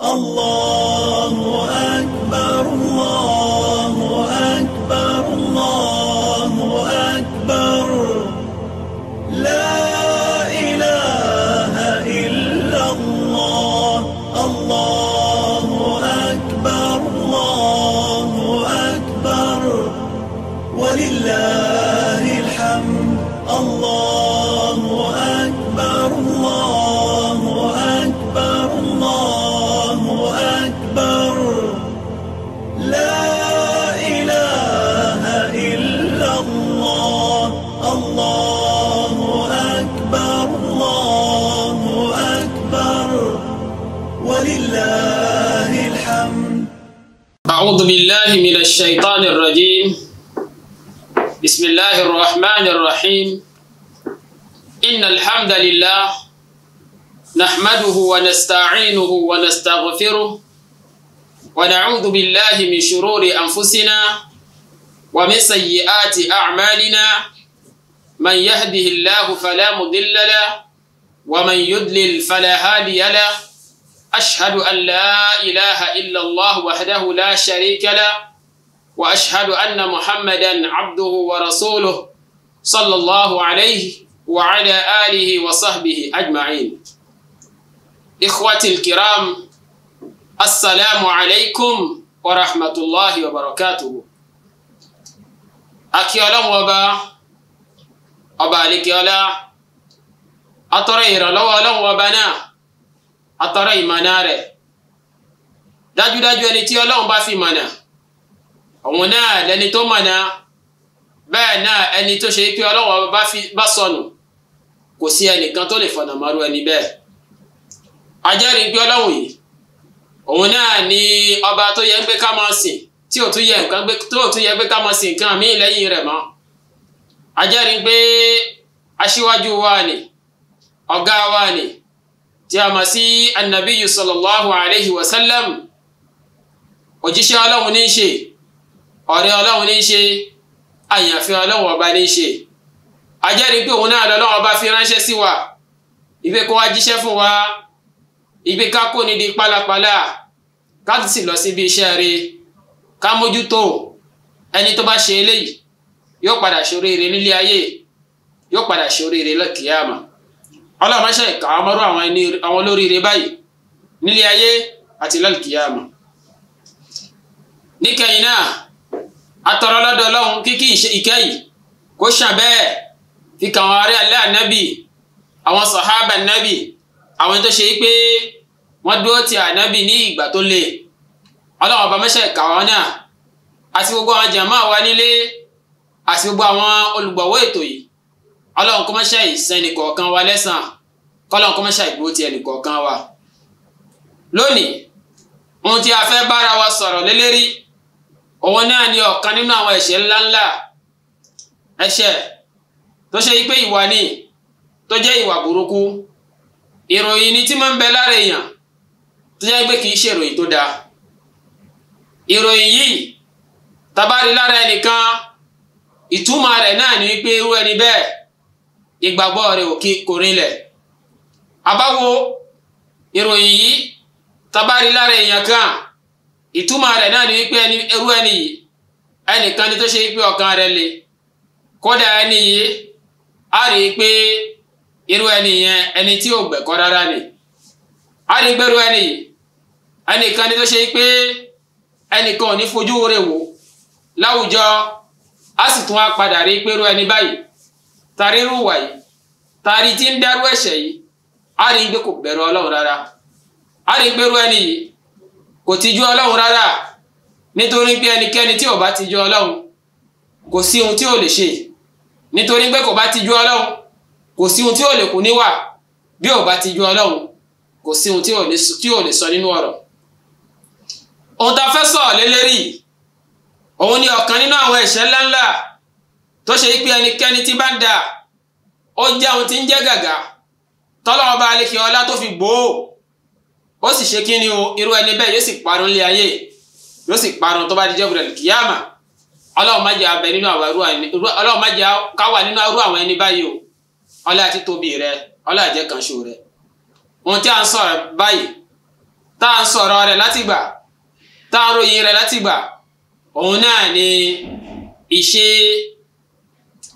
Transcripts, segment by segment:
الله أكبر الشيطان الرجيم بسم الله الرحمن الرحيم إن الحمد لله نحمده ونستعينه ونستغفره ونعوذ بالله من شرور أنفسنا ومن سيئات أعمالنا من يهده الله فلا مضل له ومن يضلل فلا هادي له أشهد أن لا إله إلا الله وحده لا شريك له وأشهد أن محمدا عبده ورسوله صلى الله عليه وعلى آله وصحبه أجمعين اخوتي الكرام السلام عليكم ورحمة الله وبركاته akíọlọ́mù ọba ọba àlekíọlá atọ́rọ ìrànlọ́wọ́ ọlọ́mù ọba náà atọ́rọ ìmọ̀nà rẹ̀ dájúdájú ẹni tí ọlọ́mù bá fi òun náà lẹni tó mọ̀nà bẹ́ẹ̀ náà ẹni tó ṣe pé ọlọ́wọ́ bá sọnù kò sí ẹnìkan tó lè fọ̀nà mọ́rú ẹni bẹ́ẹ̀ ajẹ́rìí pé ọlọ́run yìí òun náà ni ọba tó yẹ pé ká máa sìn tí ò tún yẹ nǹkan pé tó ò tún yẹ pé ká máa sìn nǹkan míì lẹ́yìn rẹ̀ mọ́ ajẹ́rìí pé aṣíwájú wa ni ọ̀gá wa ni tí a mọ̀ sí annabiyu sallallahu alayhi wa sallam òjíṣẹ́ ọlọ́run ní í ṣe ọ̀rẹ́ ọlọ́run ní í ṣe àyànfẹ́ ọlọ́run ọba ní í ṣe ajẹ́rìí pé òun náà lọ́lọ́run ọba fi ránṣẹ́ sí wa ìpè kó wá jíṣẹ́ fún wa ìpè ká kó nídìí pálapàla ká sì lọ síbi iṣẹ́ rẹ̀ ká mójútó ẹni tó bá ṣe eléyìí yóò padà ṣoríire nílé ayé yóò padà ṣoríire lọ́kìyàmà ọlọ́run ṣe ìkà ọmọrú àwọn olóríire báyìí nílé ayé àti lọ́kìyàmà níkẹyìn náà atọrọ lọ́dọ̀ Ọlọ́run kíkí ìkẹ́ yìí kó ṣàn bẹ́ẹ̀ fi kàn wọn ará alẹ́ ànábì àwọn sàhábà ànábì àwọn tó ṣe pé wọ́n dúró ti ànábì ní ìgbà tó le Ọlọ́run ọba mẹ́ṣẹ̀ kà wọ́n náà àti gbogbo àwọn jàmáà wa nílé àti gbogbo àwọn olùgbọ̀wọ́ ètò yìí Ọlọ́run kó mẹ́ṣẹ̀ ìsẹ́ni kọ̀ọ̀kan wa lẹ́sàn-án kọ́lọ́run kó mẹ́ṣẹ̀ ìgbó ti ẹnì wa lónìí ohun tí a fẹ́ bára wa sọ̀rọ̀ lélẹ́rìí òun náà ni ọ̀kan nínú àwọn ẹ̀ṣẹ̀ ńláńlá ẹ̀ṣẹ̀ tó ṣe pé ìwà ni tó jẹ́ ìwà burúkú ìròyìn ni tí máa ń bẹ lára èèyàn tó jẹ́ pé kì í ṣe ìròyìn tó dáa ìròyìn yìí tabari lára ẹnìkan ìtumọ̀ rẹ̀ náà ni pé irú ẹni bẹ́ẹ̀ ìgbàgbọ́ rẹ̀ kò rinlẹ̀ àbáwo ìròyìn yìí tabari lára èèyàn kan ìtumọ̀ rẹ̀ náà ni wípé ẹni ẹni yìí ẹnìkan ni tó ṣe wípé ọ̀kan rẹ̀ le kódà ẹni yìí á rí i pé ẹni yẹn ẹni tí ò gbẹ̀kọ́ rárá ni á rí i pé irú ẹni yìí ẹnìkan ni tó ṣe wípé ẹnìkan ò ní fojú rẹ̀ wò láwùjọ á sì tún á padà rí i pé irú ẹni báyìí irú wà yìí tí ń dárú ẹ̀ṣẹ̀ yìí á rí i pé kò tijú ọlọ́run rárá nítorí pé ẹnikẹ́ni tí ò bá tijú ọlọ́run kò sí ohun tí ò lè ṣe nítorí pé kò bá tijú ọlọ́run kò sí ohun tí ò lè kú níwà bí ò bá tijú ọlọ́run kò sí ohun tí ò lè sọ nínú ọ̀rọ̀ ohun tá a fẹ́ sọ̀rọ̀ lélẹ́rì òun ni ọ̀kan nínú àwọn ẹ̀ṣẹ̀ ńláńlá tó ṣe pé ẹnikẹ́ni tí bá ń dà ó jẹ́ ohun tí ń jẹ́ gàgà tọ́lọ́wọ́ bá ọlá tó fi bò ó sì ṣe kí ni o irú ẹni bẹ́ẹ̀ yóò sì parun lé ayé yóò sì parun tó bá di jọ́gbìrì kìyàmà ọlọ́run má jẹ́ abẹ nínú àwọn irú àwọn ọlọ́run má jẹ́ káwà nínú irú àwọn ẹni báyìí o ọlọ́run àti tóbi rẹ ọlọ́run àjẹ́ kan ṣo rẹ ohun tí a ń sọ̀rọ̀ báyìí tá a ń sọ̀rọ̀ rẹ látìgbà tá a ń ròyìn rẹ látìgbà òun náà ni ìṣe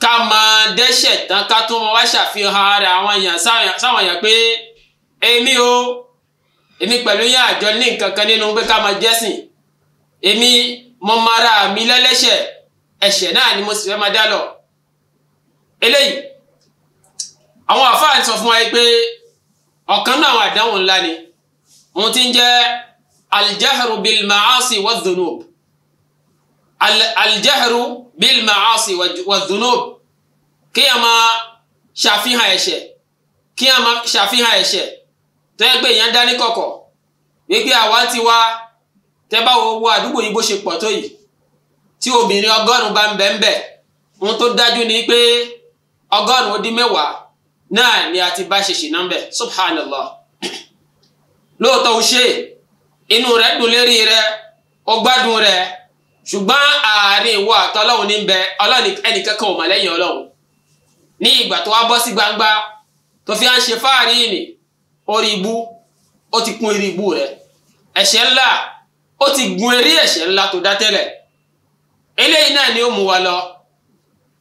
ká máa dẹ́ṣẹ̀ tán ká tó máa wá ṣàfihàn rẹ àwọn èèyàn sáwọn èèyàn pé èmi o èmi pẹ̀lú yín àjọ ní nǹkan kan nínú pé ká máa jẹ́sìn èmi mo mara mi lẹ́lẹ́ṣẹ̀ ẹ̀ṣẹ̀ náà ni mo sì fẹ́ máa dá lọ eléyìí àwọn àfáà ń sọ fún wa pé ọ̀kan náà àwọn àdánwò ńlá ni òun ti ń jẹ́ aljahru bil ma'asi wa dhunub aljahru bil ma'asi wa dhunub kí a máa ṣàfihàn ẹ̀ṣẹ̀ kí a máa ṣàfihàn ẹ̀ṣẹ̀ tó yẹ pé èèyàn dání kọ̀kọ̀ wípé àwa ti wá tẹ́ bá wo àdúgbò yìí bó ṣe pọ̀ tó yìí tí obìnrin ọgọ́rùn-ún bá ń bẹ̀ ń bẹ̀ dájú ni pé ọgọ́rùn-ún ó dín mẹ́wàá náà ni a ti bá ṣe ṣìnà bẹ̀ subhanallah lóòótọ́ ushe ṣe inú rẹ̀ dùn lérí rẹ̀ ó gbádùn rẹ̀ ṣùgbọ́n àárín ìwọ àtọ́lọ́hún ní bẹ ọlọ́run ẹnìkan ò orí ibú ó ti kún eré ibú rẹ ẹ̀ṣẹ̀ ńlá ó ti gun eré ẹ̀ṣẹ̀ ńlá tó dá tẹ́lẹ̀ eléyìí náà ni ó mú wa lọ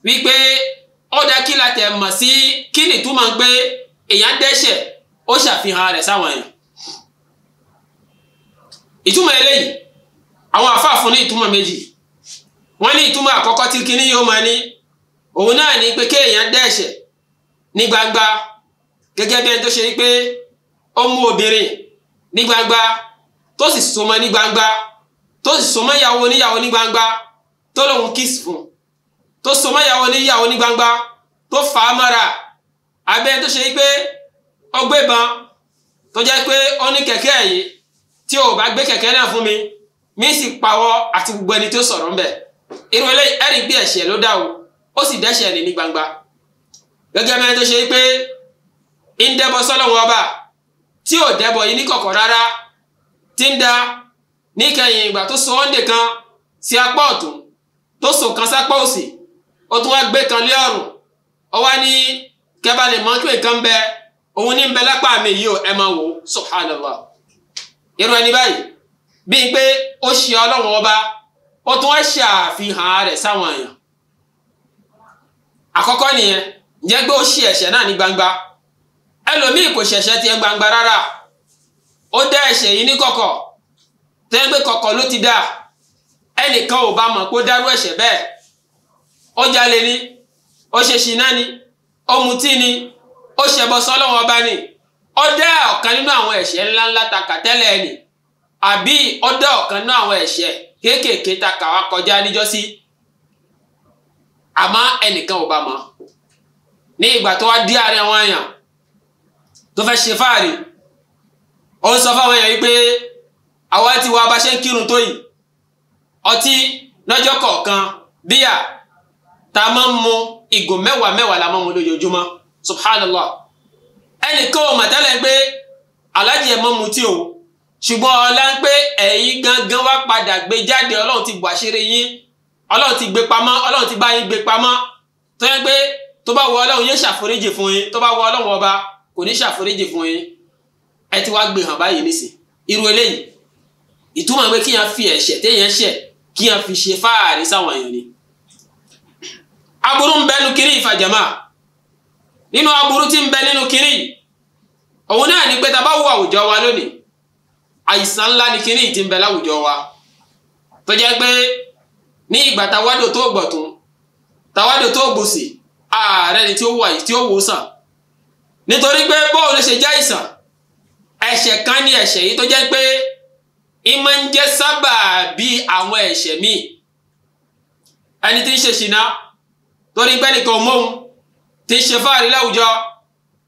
wípé ọ̀dà kí la tẹ̀ mọ̀ sí kí ni túmọ̀ ń pé èèyàn dẹ́ṣẹ̀ ó ṣàfihàn rẹ̀ sáwọn èèyàn ìtumọ̀ eléyìí àwọn àfáàfún ní ìtumọ̀ méjì wọ́n ní ìtumọ̀ àkọ́kọ́ tí kíní yóò máa ní òun náà ni pé kéèyàn dẹ́ṣẹ̀ ní gbangba gẹ́gẹ́ bí ẹni tó ṣe wípé ó obìnrin ní gbangba tó sì so ní gbangba tó sì so ìyàwó fún tó ìyàwó oníyàwó ní gbangba tó fà á mọ́ra abẹ́ tó ṣe pé ọgbẹ́ tó jẹ́ tí o bá gbé kẹ̀kẹ́ náà fún mi mi sì pawọ́ àti tó sọ̀rọ̀ gbé ẹ̀ṣẹ̀ ló o ó sì dẹ́ṣẹ̀ ní gbangba gẹ́gẹ́ tó ṣe pé ń ọba tí ò dẹ́bọ̀ yìí níkọ̀kọ̀ rárá tí ń da níkẹyìn ìgbà tó so ọ́ndè kan sí apá ọ̀tún tó so kan sápá òsì ó tún wá gbé kan lé ọ̀rùn ó wá ní kẹba lè mọ pé nǹkan bẹ òun ní bẹ lápá mi yìí ó ẹ máa wò ó subhanallah irú ẹni báyìí bíi pé ó ṣe ọlọ́run ọba ó tún wá ṣe àfihàn rẹ̀ sáwọn èèyàn àkọ́kọ́ nìyẹn jẹ́ pé ó ṣe ẹ̀ṣẹ̀ náà ní gbangba ẹlòmíì kò ṣẹ̀ṣẹ̀ tiẹ̀ gbangba rárá ó dá ẹ̀ṣẹ̀ yìí ní kọ̀kọ̀ tẹ́gbẹ́ kọ̀kọ̀ ló ti dá ẹnìkan ò bá mọ̀ pé dárú ẹ̀ṣẹ̀ bẹ́ẹ̀ ó jalè ni ó ṣe ṣìnà ni ó mutí ni ó ṣẹbọ sọ́lọ́wọ́n ọba ni ó dá ọ̀kan nínú àwọn ẹ̀ṣẹ̀ ńláńlá ta kà ni àbí ó dá ọ̀kan nínú àwọn ẹ̀ṣẹ̀ kéékèèké ta kà wá kọjá níjọ́sí àmọ́ ẹnìkan ò bá mọ̀ ní ìgbà tó wá dí àárín àwọn èèyàn tó fẹ́ ṣe fáàrí ó ń sọ fáwọn èèyàn yìí pé àwa ti wá bá ṣe ń kírun tó yìí ọtí lọ́jọ́ kọ̀ọ̀kan bíyà tá a máa ń mu ìgò mẹ́wàá mẹ́wàá la máa ń mu lójoojúmọ́ subhanallah ẹnìkan ò mọ̀tẹ́lẹ̀ pé aláàjì ẹ̀ mọ́ mutí o ṣùgbọ́n ọlá ń pé ẹ̀yin gangan wá padà gbé jáde ọlọ́run ti bò àṣírí yín ọlọ́run ti gbé pamọ́ ọlọ́run ti bá yín gbé pamọ́ tó yẹ pé tó bá wọ ọlọ́run yóò ṣàforíjì fún yín tó bá wọ ọlọ́run ọba kò ní ṣàforíjì fún yín ẹ ti wá gbé hàn báyìí nísìn irú eléyìí ìtumọ̀ pé kíyàn fi ẹ̀ṣẹ̀ téèyàn ṣẹ̀ kíyàn fi ṣe fáàrí sáwọn èèyàn ni aburú ń bẹ nu kiri ìfàjàmà nínú aburú tí ń bẹ nínú kiri òun náà ni pé tá a bá wo àwùjọ wa lónìí àìsàn ńlá ni kiri ti ń bẹ láwùjọ wa tó jẹ́ pé ní ìgbà tàwádò tó gbọ̀tún tàwádò tó gbòsì ààrẹ ni tí ó wò sàn nítorí pé bóun ló ṣe jẹ́ àìsàn ẹ̀ṣẹ̀ kan ní ẹ̀ṣẹ̀ yìí tó jẹ́ pé ìmọ̀ ń jẹ́ sábà bí àwọn ẹ̀ṣẹ̀ míì ẹni tí ń ṣe ṣìnà torí pé ẹnìkan ò mọ̀hún tí ń ṣe fáàrí láwùjọ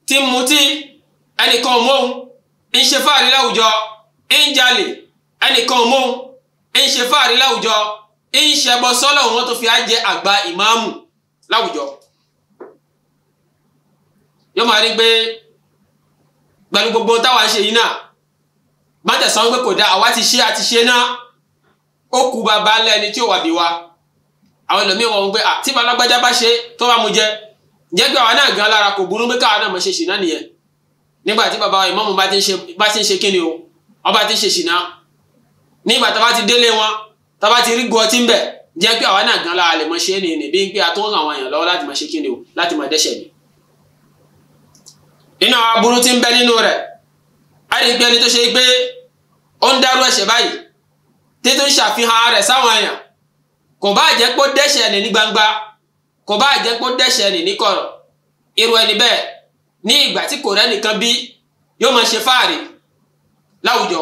tí ń mutí ẹnìkan ò mọ̀hún ń ṣe fáàrí láwùjọ ń jalè ẹnìkan ò mọ̀hún ń ṣe fáàrí láwùjọ ń ṣẹbọ sọ́lọ̀ wọn tó fi á jẹ àgbà ìmáàmù láwùjọ yóò máa rí pé pẹ̀lú gbogbo táwa ń ṣe yìí náà má tẹ̀sán pé kò dáa àwa ti ṣe àti ṣe náà ó kú bàbá ńlá ẹni tí ò wà bí wa àwọn ẹlòmíràn wọn pé tí balagbájá bá ṣe tó bá mu jẹ jẹ́ pé àwa náà gan lára kò burú pé káwa náà mọ̀ ṣe ṣìnà nìyẹn nígbà tí bàbá ìmáàmù bá ti ń ṣe kíni o ọba ti ń ṣe ṣìnà nígbà tá bá ti délé wọn tá bá ti rí gu ọtí ń bẹ̀ jẹ́ pé àwa náà gan lára lè mọ̀ ṣe é nìyẹn bí pé a àwọn èèyàn lọ́wọ́ láti mọ̀ ṣe kíni o láti mọ̀ dẹ́ṣẹ̀ ni nínú àwọn aburú tí ń bẹ nínú rẹ̀ á rí pé ẹni tó ṣe pé ó ń dárú ẹ̀ṣẹ̀ báyìí títí ń ṣàfihàn rẹ̀ sáwọn èèyàn kò bá jẹ́ pé ó dẹ́ṣẹ̀ ní ní gbangba kò bá jẹ́ pé ó dẹ́ṣẹ̀ ní ní kọ̀rọ̀ irú ẹni bẹ́ẹ̀ ní ìgbà tí kò rẹ́nìkan bí yóò máa ṣe fáàrí láwùjọ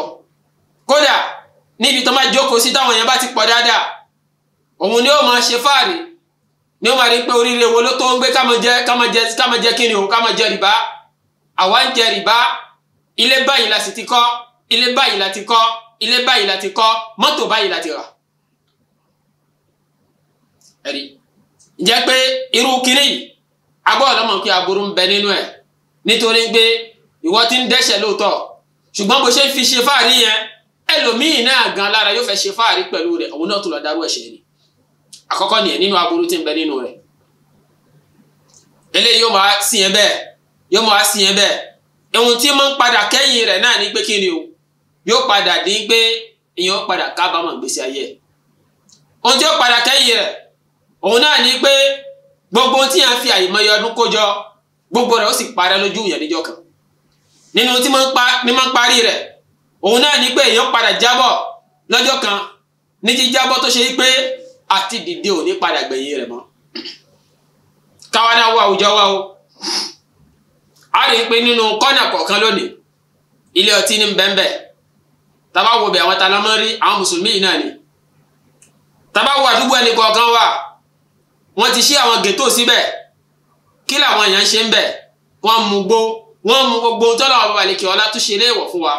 kódà níbi tó máa jókòó sí táwọn èèyàn bá ti pọ̀ dáadáa òun ni ó máa ṣe fáàrí ni ó máa rí pé oríire wo ló tó ń gbé ká jẹ ká jẹ kí ni o ká jẹ rìbá àwa ń jẹ rìbá ilé báyìí la sì ti kọ́ ilé báyìí la ti kọ́ ilé báyìí la ti kọ́ mọ́tò báyìí la ti rà ẹ̀rí jẹ́ pé irú kiri agbọ́ ọ̀lọ́mọ kí aburú ń bẹ nínú ẹ̀ nítorí pé ìwọ ti ń dẹ́ṣẹ̀ lóòótọ́ ṣùgbọ́n bó ṣe ń fi ṣe fáàrí yẹn ẹlòmíì náà gan lára yóò fẹ́ ṣe fáàrí pẹ̀lú rẹ̀ òun náà tó lọ darú ẹ̀ṣẹ̀ rí àkọ́kọ́ nìyẹn nínú aburú ti ń bẹ nínú rẹ̀ eléyìí yóò máa sìn ẹ bẹ́ẹ̀ yóò máa sí yẹn bẹ́ẹ̀ ohun tí máa ń padà kẹ́yìn rẹ̀ náà ní pé kí ni o yóò padà di pé èèyàn padà kábàámọ̀ gbèsè ayé ẹ̀ ohun tí ó padà kẹ́yìn rẹ̀ òun náà ni pé gbogbo tí yẹn fi àyèmọye ọdún kójọ gbogbo rẹ̀ ó sì parẹ́ lójú yẹn níjọ́ kan nínú tí máa ń parí rẹ̀ òun náà ní pé èèyàn padà jábọ̀ lọ́jọ́ kan ní jíjábọ̀ tó ṣe pé àti dìde ò padà gbẹ̀yìn rẹ̀ mọ́ káwa náà wọ àwùjọ wa o a rí i pé nínú kọ́nà kọ̀ọ̀kan lónìí ilé ọtí ní bẹ́ńbẹ́ tábà wo bí àwọn talamọ́ rí àwọn mùsùlùmí yìí náà ni tábà wo àdúgbò ẹnì kọ̀ọ̀kan wà wọ́n ti ṣí àwọn gètò síbẹ̀ kí làwọn èèyàn ṣe ń bẹ̀ wọ́n mu gbó wọ́n mu gbogbo tọ́lọ̀ àwọn balẹ̀ kí ọlá tún ṣe léèwọ̀ fún wa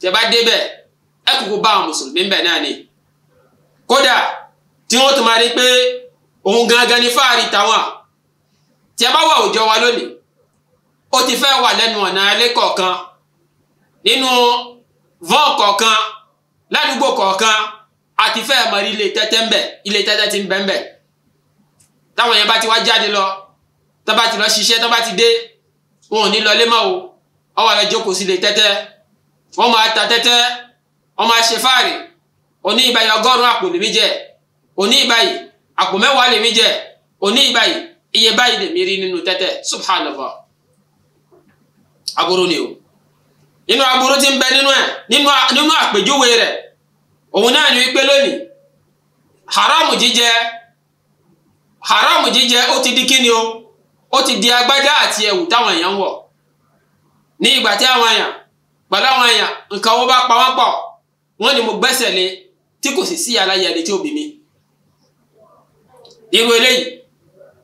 tẹ́ bá débẹ̀ ẹ kúkú bá àwọn mùsùlùmí bẹ̀ náà ni kódà tí wọ́n tún máa rí pé òun gangan ni fáàrí tàwọn tí a bá wà òjọ wa lónìí ó ti fẹ́ wà lẹ́nu ọ̀nà ilé kọ̀ọ̀kan nínú vọ́n kọ̀ọ̀kan ládùúgbò kọ̀ọ̀kan a ti fẹ́ mọ̀ ilé tẹ́tẹ́ ń bẹ ilé tẹ́tẹ́ ti ń bẹ ń bẹ táwọn yẹn bá ti wá jáde lọ tó bá ti lọ ṣiṣẹ́ tó bá ti dé wọn ò ní lọlé mọ́ o ọ wà lọ jókòó sí ilé tẹ́tẹ́ wọ́n máa ta tẹ́tẹ́ wọ́n máa ṣe fáàrí oní ìbáyìí ọgọ́rùn-ún àpò lèmi jẹ oní ìbáyìí àpò mẹ́wàá lèmi jẹ oní ìbáyìí iye báyìí lèmi rí nínú tẹ́tẹ́ subhanallah. gbụrdimben'ulu akpije were onwenanyaikpelonyi hara mjije ochidikini ochidi agbaja a tinyewuta nwaya nwo na igbatia nwanya gbada nwanya nke ọwụba kpawakpo nwunye mobeseni tikusi si ya na yarii obimi niwerenyi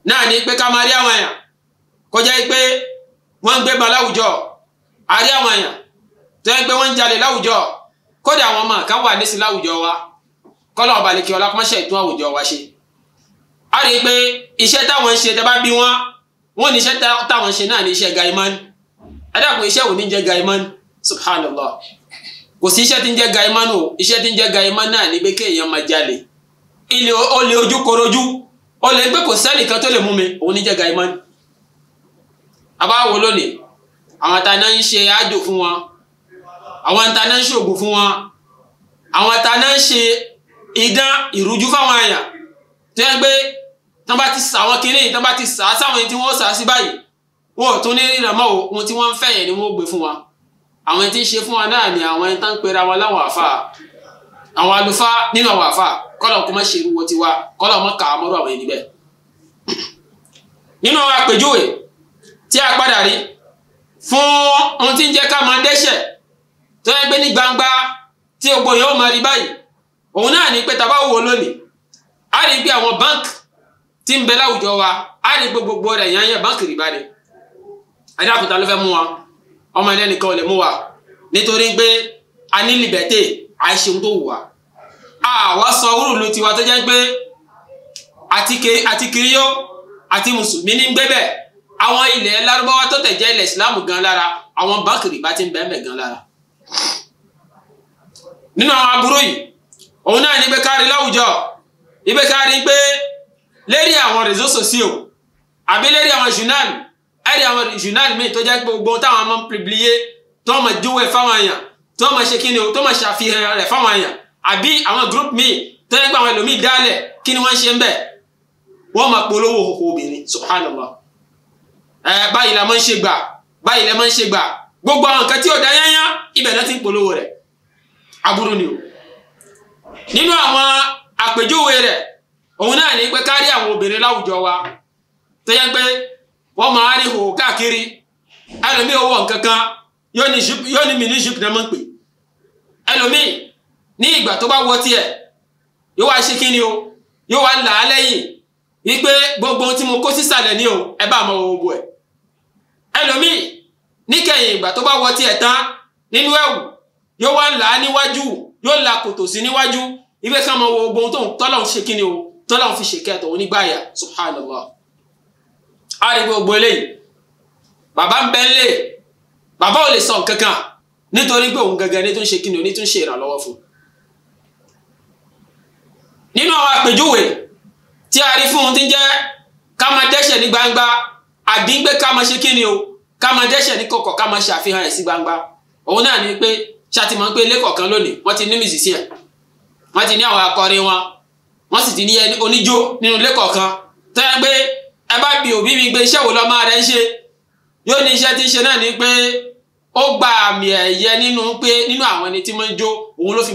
naanyị ikpe kamaria nwanya koje ikpe wọ́n ń gbégbá láwùjọ àrí àwọn èèyàn tó ń gbé wọ́n ń jalè láwùjọ kódà àwọn ọmọ kan wà nísìn láwùjọ wa kọ́lọ̀ ọ̀bàlẹ̀kẹ́ ọlákọ́mọṣẹ́ ìtún àwùjọ wa ṣe. a rí i pé iṣẹ́ táwọn ń ṣe tẹ́ bá bí wọ́n wọ́n ní iṣẹ́ táwọn ń ṣe náà ní iṣẹ́ gaiman adákùn iṣẹ́ wò ní jẹ́ gaiman subhanallah kò sí iṣẹ́ tí ń jẹ́ gaiman o iṣẹ́ tí ń jẹ́ gaiman náà ní pé kéèyàn máa jalè ilé olè ojú korojú olè ń pé kò sẹ́nìkan tó lè mú mi òun ní jẹ́ gaiman abáwo lónìí àwọn ta náà ń ṣe ájò fún wọn àwọn ta náà ń ṣògùn fún wọn àwọn ta náà ń ṣe idán ìrújú fáwọn àyàn tó yẹ pé tán bá ti sà wọn kiri tán bá ti sà á sáwọn ẹni tí wọn ó sà á sí báyìí wọn ò tún ní rírà mọ́ ohun tí wọ́n ń fẹ́ ni wọ́n gbé fún wa àwọn ẹni tí ń ṣe fún wa náà ni àwọn ẹni tán ń pera wọn láwọn àfa àwọn alufa nínú àwọn àfa kọ́lọ̀ kó má ṣe irú wọn tiwa kọ́lọ̀ mọ́ kà á mọ́rọ̀ àwọn ẹni bẹ́ẹ̀ nínú àwọn àpèjúwe tí a padà rí fún ohun tí ń jẹ́ ká máa dẹ́ṣẹ̀ tó yẹ pé ní gbangba tí gbogbo yẹn máa rí báyìí òun náà ní pé tá a bá wò lónìí a rí pé àwọn báńkì tí ń bẹ láwùjọ wa a rí pé gbogbo rẹ̀ yẹn yẹn báńkì rí báyìí ẹni àkùtà ló fẹ́ mú wa ọmọ ẹni ẹnìkan ò lè mú wa nítorí pé a ní libẹ́tẹ̀ àìṣeun tó wù wá àwa sọ orúlu tiwa tó jẹ́ pé àti kiri yó àti mùsùlùmí ní gbẹ́bẹ̀ẹ́ àwọn ilẹ̀ Lárúbáwá tó tẹ̀ jẹ́ ilẹ̀ ìsìláàmù gan lára àwọn bákìrì bá ti ń bẹ́ẹ̀ gan lára. nínú àwọn aburú yìí òun náà ní pé kárí láwùjọ ibẹ̀ kárí pé lérí àwọn réseaux sociaux àbí lérí àwọn journal ẹ̀rí àwọn journal míì tó jẹ́ pé gbogbo táwọn máa ń publier tó máa júwe fáwọn èèyàn tó máa ṣe kí ni o tó máa ṣàfihàn rẹ̀ fáwọn èèyàn àbí àwọn group míì tó jẹ́ pé àwọn ẹlòmíì dálẹ̀ kí ni wọ́n ṣe ń bẹ̀ wọ́n máa polówó òkò obìnrin subhanallah báyìí la máa ṣe gbà báyìí la máa gbà gbogbo àwọn nǹkan tí ò dá yányá ibẹ̀ ti ń rẹ̀ aburú ni o nínú àwọn àpèjúwe rẹ̀ òun náà ní pé kárí àwọn obìnrin láwùjọ wa tó yẹ pé wọ́n máa rí hò káàkiri owó nǹkan kan yóò ní náà máa ń pè ní ìgbà tó bá wọ tiẹ̀ yóò wá o yóò wá là á lẹ́yìn wípé gbogbo ohun tí mo kó sísàlẹ̀ ní o ẹ bá mọ ohun gbogbo ẹ̀ ẹlòmíì níkẹyìn ìgbà tó bá wọ tiẹ̀ tán nínú ẹ̀wù yóò wá là á níwájú yóò la kòtò sí níwájú ìgbé kan mọ gbogbo ohun tó ń tọ́lọ̀ ń ṣe kí ni o tọ́lọ̀ ń fi ṣe kẹtọ̀ onígbàyà subhanallah a rí gbogbo eléyìí bàbá ń bẹ ń lè bàbá ò lè sọ nǹkan kan nítorí pé òun gangan ní tó ń ṣe kí ni o ní tó ń ṣe ìrànlọ́wọ́ fún nínú àwọn àpèjúwe tí a rí fún ohun tí ń jẹ́ ká máa dẹ́ṣẹ̀ ní gbangba ká máa ṣe kí o ká máa ní kọ̀kọ̀ ká máa rẹ̀ gbangba òun náà ni pé ṣàtìmọ̀ pé lónìí wọ́n ti ní ẹ̀ wọ́n ti ní àwọn akọrin wọn wọ́n sì ti ní oníjó nínú pé ẹ bá bi òbí mi gbé iṣẹ́ wo lọ́mọ ń ṣe yóò ní iṣẹ́ tí ń ṣe náà ni pé ó gba àmì ẹ̀yẹ nínú pé nínú àwọn ẹni tí wọ́n ń jó òun ló fi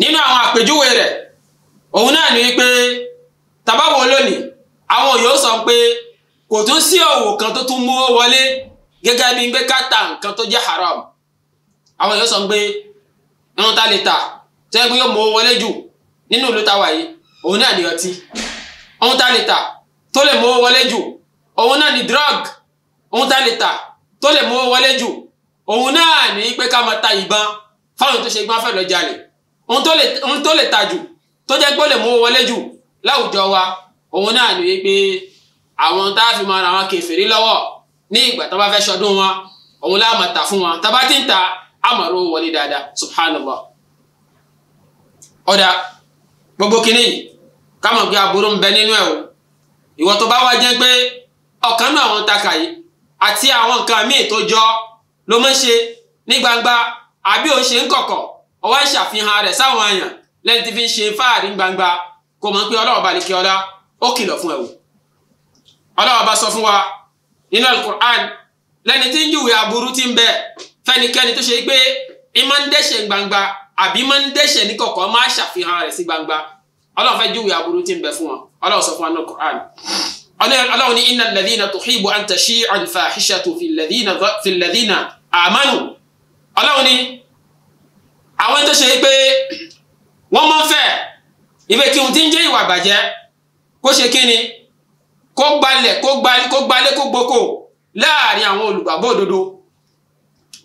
nínú àwọn àpèjúwe rẹ̀ òun náà ni wípé tabawo lónìí àwọn yóò sọ pé kò tún sí òwò kan tó tún mú owó wọlé gẹ́gẹ́ bí pé ká ta nǹkan tó jẹ́ haram àwọn yóò sọ pé irun ta lè ta tẹ́ pé yóò mú wọlé jù nínú ìlú táwa yìí òun náà ni ọtí òun ta lè ta tó lè mú owó wọlé jù òun náà ni drug òun ta lè ta tó lè mú owó wọlé jù òun náà ni pé ká máa ta ìbọn fáwọn tó ṣe gbọ́n fẹ́ lọ jalè ohun tó lè ta jù tó jẹ́ pé ó lè mú wọlé jù láwùjọ wa òun náà ni wípé àwọn tá a fi máa ra àwọn kèfèrí lọ́wọ́ ní ìgbà tó bá fẹ́ ṣọdún wọn òun láàmà ta fún wọn tá a bá ti ń ta àmọ̀ró wọlé dáadáa subhanallah ọ̀dà gbogbo kìíní kámọ̀ pé aburú ń bẹ nínú ẹ̀ o ìwọ tó bá wá jẹ́ pé ọ̀kan náà àwọn takà yìí àti àwọn nǹkan míì tó jọ ló mọ̀ ṣe ní gbangba àbí òun ṣe ń kọ̀kọ̀ ọwọ́ ìṣàfihàn rẹ̀ sáwọn èèyàn lẹ́yìn tí fi ń ṣe fáàrí gbangba kò mọ̀ pé ọlọ́run bá lè kí ọlá ó kìlọ̀ fún ẹ wò ọlọ́run bá sọ fún wa nínú alukur'an lẹ́ni tí ń júwe aburú tí ń bẹ fẹ́nikẹ́ni tó ṣe pé ìmọ̀ ń dẹ́ṣẹ̀ gbangba àbí máa ń dẹ́ṣẹ̀ ní kọ̀kọ̀ máa ṣàfihàn rẹ̀ sí gbangba ọlọ́run fẹ́ júwe aburú tí ń bẹ fún àwọn tó ṣe pé wọ́n mọ́ fẹ́ ìwé kí n ti ń jẹ́ ìwà àbàjẹ́ kó ṣe kí ni kó gbalẹ̀ kó gbalẹ̀ kó gbalẹ̀ kó gboko láàrin àwọn olùgbàgbọ́ òdodo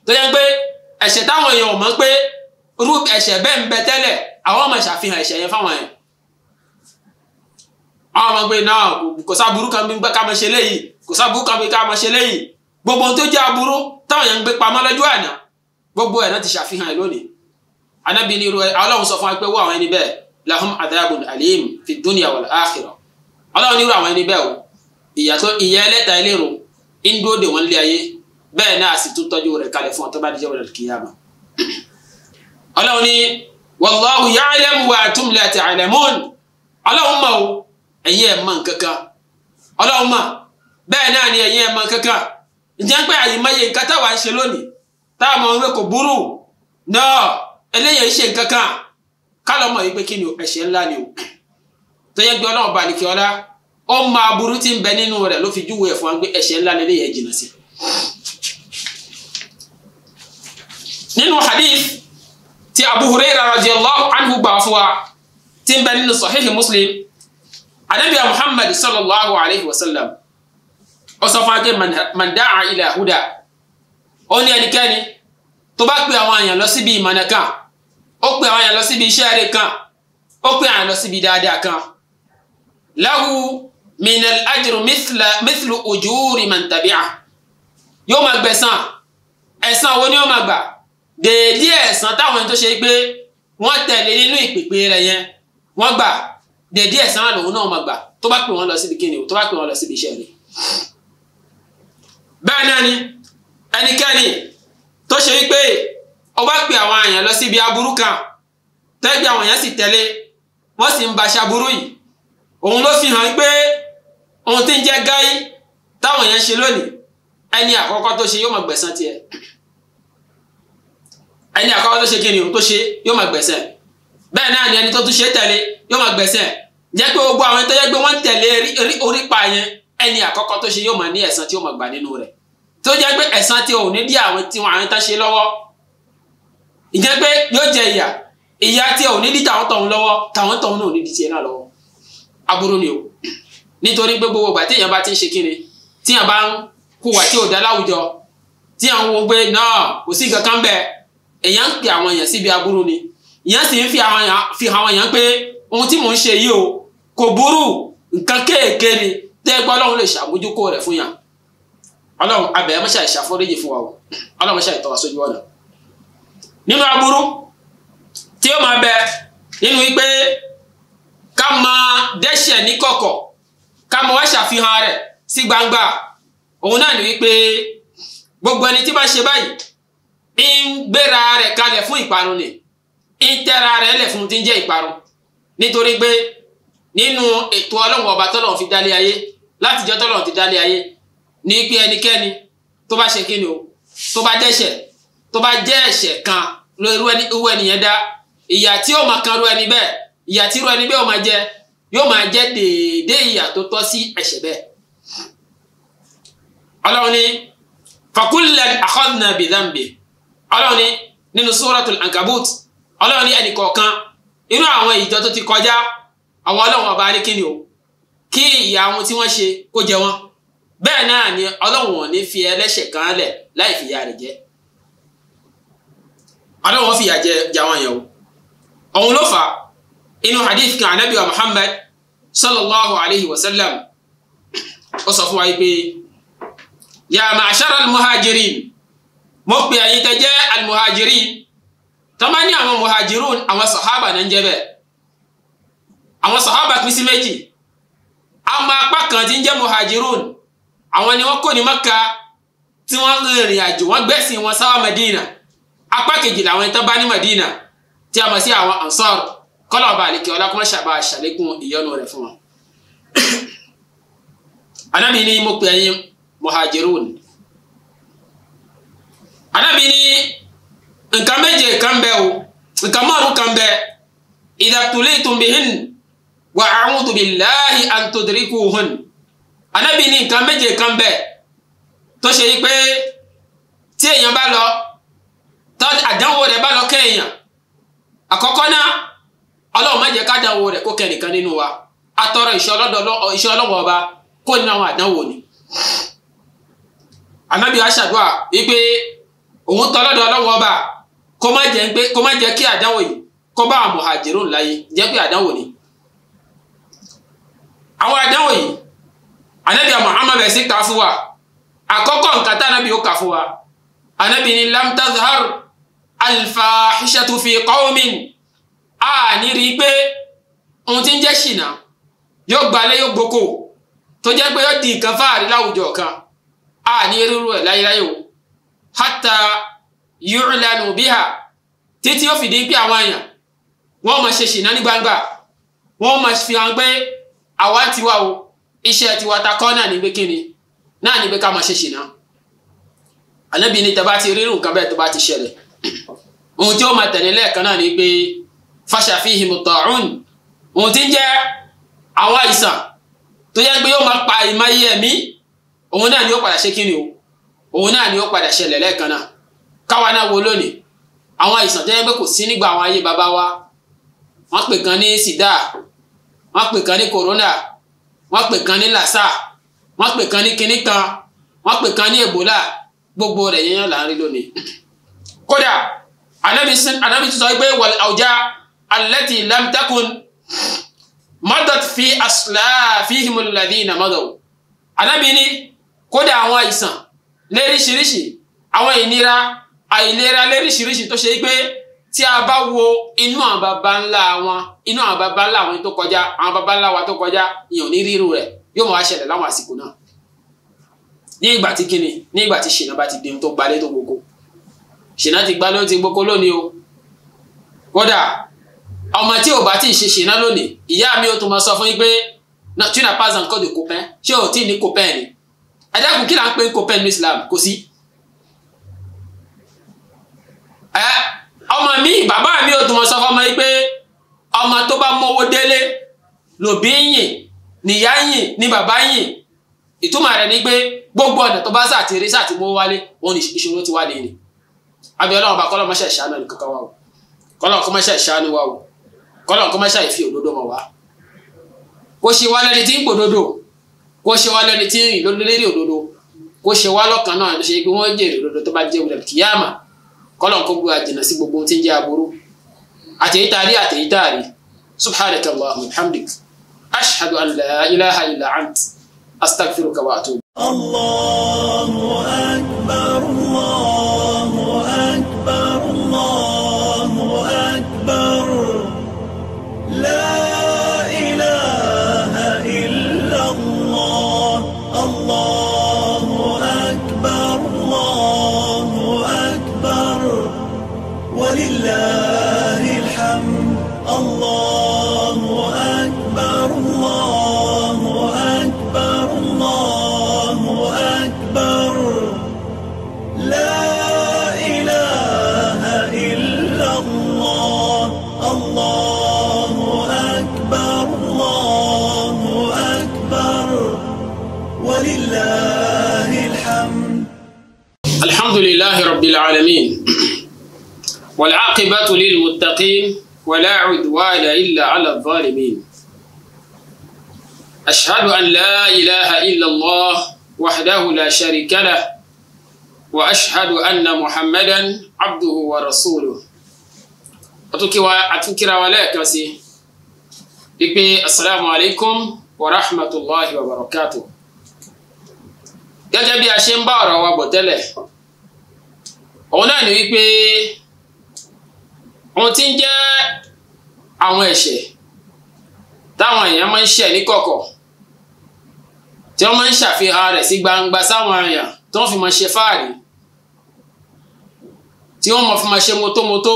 tó yẹ pé ẹ̀ṣẹ̀ táwọn èèyàn ò mọ̀ pé irú ẹ̀ṣẹ̀ bẹ́ẹ̀ ń bẹ tẹ́lẹ̀ àwọn ọmọ ìṣàfihàn ẹ̀ṣẹ̀ yẹn fáwọn yẹn àwọn ọmọ pé náà kò sáburú kan bí ká máa ṣe léyìí kò sáburú kan bí ká máa ṣe léyìí gbogbo ohun tó jẹ́ aburú táwọn yẹn ń gbé pamọ́ lọ́jọ́ àná gbogbo ẹ̀ náà ti ṣàfihàn ẹ̀ lónìí anábì ní irú ẹ ọlọ́run sọ fún wa pé wọ́n àwọn ẹni bẹ́ẹ̀ lahum adabun alim fi dunya wal akhirah ọlọ́run ní irú àwọn ẹni bẹ́ẹ̀ o ìyàtọ̀ ìyà ẹlẹ́ta ẹlẹ́rọ ń dúró de wọn lé ayé bẹ́ẹ̀ náà sì tún tọ́jú rẹ̀ kalẹ̀ fún ọ tó bá dijọ́ rẹ̀ kíyàmá ọlọ́run ní wallahu ya'lamu wa antum la ta'lamun ọlọ́run mọ̀ o ẹ̀yin ẹ̀ mọ̀ nǹkankan ọlọ́run mọ̀ bẹ́ẹ̀ náà ni ẹ̀yin ẹ̀ mọ̀ nǹkankan ǹjẹ́ pé àyè máa yẹ nǹkan táwa ṣe lónìí táwọn ọmọ wípé kò burú náà eléyìí ṣe nǹkan kan kálọ̀ mọ̀ yìí pé kí ni ẹ̀ṣẹ̀ ńlá ni o tó yẹ gbé ọlọ́run balùkẹ́ ọlá ó máa burú tí ń bẹ nínú rẹ̀ ló fi júwe ẹ̀fọn gbé ẹ̀ṣẹ̀ ńlá ni eléyìí jìnnà sí. nínú hadith tí Abu Hurairah radiyallahu anhu gbà fún wa tí ń bẹ nínú Sahih Muslim anabiya Muhammad sallallahu alayhi wa sallam ó sọ fún akẹ́ man da'a ila huda ó ní ẹnikẹ́ni tó bá pe àwọn èèyàn lọ síbi ìmọ̀nà kan ó pè àwọn èèyàn lọ síbi iṣẹ́ rẹ̀ kan ó pè àwọn lọ síbi dáadáa kan lahu minal ajru mithla mithlu ujuri man tabi'ah yóò máa gbẹ̀san ẹ̀san wo ni yóò máa gbà dèédé ẹ̀san táwọn ẹni tó ṣe pé wọ́n tẹ̀lé nínú ìpèpè rẹ̀ yẹn wọ́n gbà dèédé ẹ̀san náà lòun náà máa gbà tó bá pè wọ́n lọ síbi kíni tó bá pè wọ́n lọ síbi iṣẹ́ rẹ̀ bẹ́ẹ̀ náà ni ẹnikẹ́ni tó ṣe wípé ọba pè àwọn àyàn lọ síbi aburú kan tẹ́gbẹ́ àwọn èèyàn sì tẹ̀lé wọ́n sì ń ba aburu yìí òun ló fi hàn pé ohun tí ń jẹ́ gáyé táwọn èèyàn ṣe lónìí ẹni àkọ́kọ́ tó ṣe yóò máa tiẹ̀ ẹni àkọ́kọ́ tó ṣe kí ni tó ṣe yóò máa bẹ́ẹ̀ náà ẹni tó tún ṣe yóò máa jẹ́ pé gbogbo àwọn tó yẹ pé wọ́n yẹn ẹni àkọ́kọ́ tó ṣe yóò máa ní ẹ̀san tí ìjẹ́ pé yóò jẹ ìyà ìyà tí ò ní di tàwọn tọ̀hún lọ́wọ́ tàwọn tọ̀hún náà ò ní di tiẹ̀ náà lọ́wọ́ aburú ni o nítorí pé gbogbo ìgbà téèyàn bá ti ń ṣe kíni téèyàn bá ń hùwà tí ò dá láwùjọ téèyàn ń wo pé náà kò sí nǹkan kan bẹ́ẹ̀ èèyàn ń pè àwọn èèyàn síbi aburú ni èèyàn sì ń fi àwọn èèyàn pé ohun tí mò ń ṣe yìí o kò burú nǹkan kéèké ni tẹ́gbọ́n ọlọ́run lè ṣàmójúkó rẹ̀ fún yàn ọlọ́run abẹ́ẹ́ mọ́ṣáì ṣàforíjì fún wa o ọlọ́run mọ́ṣáì tọ́ wa sójú ọ̀nà nínú aburú tí ó máa bẹ nínú wípé ká máa dẹ́ṣẹ̀ níkọ̀kọ̀ ká máa wá ṣàfihàn rẹ̀ sí gbangba òun náà ni wípé gbogbo ẹni tí bá ṣe báyìí ń gbéra rẹ̀ kalẹ̀ fún ìparun ni ń tẹ́ra rẹ̀ lẹ̀ fún ti ń jẹ́ ìparun nítorí pé nínú ètò ọlọ́run ọba tọ́lọ́run fi dálé ayé látijọ́ tọ́lọ́run ti dálé ayé ní pé ẹnikẹ́ni tó bá ṣe kí ni o tó bá dẹ́ṣẹ̀ tó bá jẹ́ ẹ̀ṣẹ̀ kan ló irú ẹnìyẹn dá ìyà tí ó máa kan irú ẹni bẹ́ẹ̀ ìyà tí irú ẹni bẹ́ẹ̀ ó máa jẹ yóò máa jẹ déédéé ìyà tó tọ́ sí ẹ̀ṣẹ̀ bẹ́ẹ̀. ọlọ́run ní fakulẹ̀ akọ́dùnà bìdánbì ọlọ́run ní nínú suratul ankabut ọlọ́run ní ẹnì kọ̀ọ̀kan inú àwọn ìjọ tó ti kọjá àwọn ọlọ́run ọba ní kíni o kí ìyà àwọn tí wọ́n ṣe kó jẹ wọ́n bẹ́ẹ̀ náà ni ọlọ́run ò ní fi ẹlẹ́ṣẹ̀ kan lẹ̀ láì fìyà rẹ̀ jẹ ọlọ́wọ́ fìyà jẹ jáwọn yẹn o ọ̀hun ló fà inú hadith kan anabi wa muhammad sallallahu alayhi wa sallam ó sọ fún wa yìí pé ya ma'ashara almuhajirin mo pè ẹ̀yin tẹ́ jẹ́ almuhajirin tọ́mọ ní àwọn muhajirun àwọn sahaba náà ń jẹ́ bẹ́ẹ̀ àwọn sahaba pín sí méjì àmọ́ apá kan tí ń jẹ́ muhajirun àwọn ni wọ́n kò ní maka tí wọ́n rìnrìn àjò wọ́n gbẹ́sìn wọn sáwà madina apá kejì làwọn ẹni tán bá ní Madina tí a mọ̀ sí àwọn Ansar kọ́lọ̀ ọba àlekè ọlákùnrin ṣàbà ṣàlékún ìyọ́nú rẹ̀ fún wọn. anábì ní mo pè ẹ̀yin muhajirun anábì ní nǹkan méje kan bẹ o nǹkan márùn kan bẹ idhabtulitum bihin wa a'udhu billahi an tudrikuhun anábì ní nǹkan méje kan bẹ tó ṣe yí pé tí èèyàn bá lọ tó àdánwò rẹ̀ bá lọ kẹ́yìn àkọ́kọ́ náà ọlọ́run má jẹ́ ká àdánwò rẹ̀ kó kẹ́nìkan nínú wa atọrọ ìṣọ́ ọlọ́wọ́ ọba kó nínú àwọn àdánwò ni. anábì wa ṣàdúrà wípé òun tọ́ lọ́dọ̀ ọlọ́wọ́ ọba kó má jẹ́ pé kó má jẹ́ kí àdánwò yìí kó bá àwọn muhajirun láyé jẹ́ pé àdánwò ni. àwọn àdánwò yìí anábì Muhammad bẹ̀ sí ká fún wa àkọ́kọ́ nǹkan tá anábì ó kà fún wa anábì ni lam alfahishatu fi qawmin a ní rí i pé ohun tí ń jẹ́ ṣìnà yóò gbalẹ̀ yóò gboko tó jẹ́ pé yóò di nǹkan fáàrí láwùjọ kan a ní rírú ẹ̀ láyéláyé o hatta yu'lanu biha títí ó fìdí pé àwọn èèyàn wọ́n máa ṣe ṣìnà ní gbangba wọ́n máa fi hàn pé àwa tiwa o iṣẹ́ tiwa ta kọ́ náà ní kíni náà ní ká máa ṣe ṣìnà ànábì ní tẹ bá ti rírun nǹkan bẹ́ẹ̀ tó bá ti ṣẹlẹ̀ ohun tí ó máa tẹ̀lé lẹ́ẹ̀kan náà ni pé fàṣàfihìn mùtọ̀ọ̀rùn ohun tí ń jẹ́ àwọn àìsàn tó yẹ pé yóò máa pa ìmọ̀ye ẹ̀mí òun náà ni ó padà ṣe kí ni o òun náà ni ó padà ṣẹlẹ̀ lẹ́ẹ̀kan náà káwa náà wo lónìí àwọn àìsàn tó yẹ pé kò sí nígbà àwọn ayé bàbá wa wọ́n pè kan ní sida wọ́n pè kan ní corona wọ́n pè kan ní lassa wọ́n pè kan ní kinní kan wọ́n pè kan ní ebola gbogbo rẹ̀ yẹn yẹn là ń rí lónìí kódà anabi sin anabi sọ pé wàl àwùjá alẹ́tì lamtakun madat fi aslafihim alladhina madaw anabi ni kódà àwọn àìsàn léríṣiríṣi àwọn ìnira àìlera léríṣiríṣi tó ṣe pé tí a bá wo inú àwọn baba ńlá wọn inú àwọn baba ńlá wọn tó kọjá àwọn baba ńlá wa tó kọjá ìyàn ní ríru rẹ̀ yóò máa ṣẹlẹ̀ láwọn àsìkò náà ní ìgbà tí kíni ní ìgbà tí ṣìnà bá ti di tó gbalé tó gbogbo ṣìnà ti gbá lóhun ti gboko lónìí o kódà ọmọ tí ò bá tí ì ṣe ṣìnà lónìí ìyá mi ò tún mọ sọ fún yín pé tuna pass and code copain ṣé o tí ì ní copain ni ẹ dákun kí là ń pè copain ní Islam kò sí. ẹ ọmọ mi bàbá mi ò tún mọ sọ fún ọmọ yín pé ọmọ tó bá mówó délé lòbí yìn níyá yìn ní bàbá yìn ìtumọ̀ rẹ̀ ni pé gbogbo ọ̀nà tó bá sàtìrí sàtìmọ́ wálé òun ìṣòro ti wá nìyí abiola ọba kọlọ mọṣẹ ìṣàánú ẹnì kankan wa o kọlọ kọ mọṣẹ ìṣàánú wa o kọlọ kọ mọṣẹ ìfi òdodo mọ wa kó ṣe wá lẹni tí ń gbòdodo kó ṣe wá lẹni tí ń ìlódólérí òdodo kó ṣe wá lọkàn náà ṣe pé wọn jèrè òdodo tó bá jẹ wulẹ kìyàmà kọlọ kó gbé àjìnà sí gbogbo ohun tí ń jẹ aburú àtẹyítàrí àtẹyítàrí subhanaka allahumma hamdik ashhadu an la ilaha illa ant ولله العاقبة للمتقين ولا عدوان إلا على الظالمين أشهد أن لا إله إلا الله وحده لا شريك له وأشهد أن محمدا عبده ورسوله أتكرا ولا كسي السلام عليكم ورحمة الله وبركاته gẹ́gẹ́ bí a ṣe ń bá ọ̀rọ̀ wa bọ̀ tẹ́lẹ̀ òun náà ní wípé ohun tí ń jẹ́ àwọn ẹ̀ṣẹ̀ táwọn èèyàn máa ń ṣẹ̀ níkọ̀kọ̀ tí wọ́n máa ń ṣàfihàn rẹ̀ sí gbangba sáwọn èèyàn tí wọ́n fi máa ṣe fáàrí tí wọ́n máa fi máa ṣe motomoto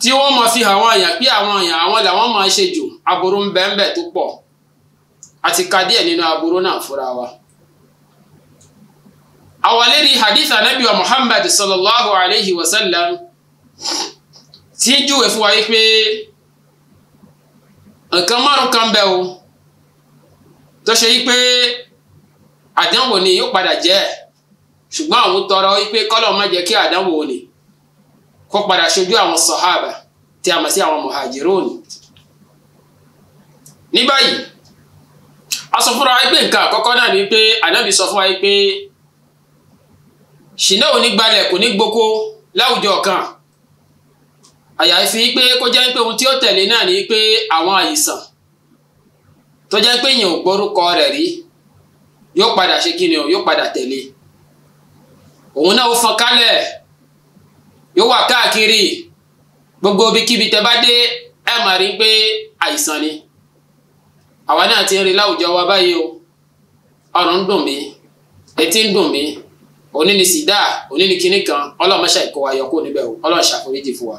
tí wọ́n máa fi àwọn èèyàn pé àwọn èèyàn àwọn làwọn máa ṣe jù aburú ń bẹ́ẹ̀ bẹ́ẹ̀ tó pọ̀ àti ka díẹ̀ nínú aburú náà fúnra wa àwọlé ni hadith anabi wa muhammad sallallahu alayhi wa sallam Ti ń júwèé fún wa yìí pé nǹkan márùn kan bẹ o tó ṣe yìí pé àdánwò ni yóò padà jẹ́ ṣùgbọ́n àwọn tọrọ yìí pé kọ́lọ̀ má jẹ́ kí àdánwò ni kó padà sojú àwọn sọ̀hábà tí a mọ̀ sí àwọn mọ̀hàjíròní. ní báyìí a sọ fúnra pé nǹkan àkọ́kọ́ náà ni pé ànábì sọ fún wa pé ṣìnà ò kò ní gboko láwùjọ kan. àyàfi pé kó jẹ́ pé ohun tí ó tẹ̀lé náà ni pé àwọn àìsàn tó jẹ́ pé èèyàn ò gbọ́rúkọ rẹ̀ rí yóò padà ṣe kí ni o yóò padà tẹ̀lé òun náà ó fọn kálẹ̀ yóò wà káàkiri gbogbo ibikíbi tẹ bá dé ẹ mà rí pé àìsàn ni àwa náà ti ń rí láwùjọ wa báyìí o ọrùn ń dùn mí etí ń dùn mí òní ni sìdá òní ni kinní kan ọlọ́run mẹ́ṣà ìkọ́ wa o ọlọ́run ṣàforíjì fún wa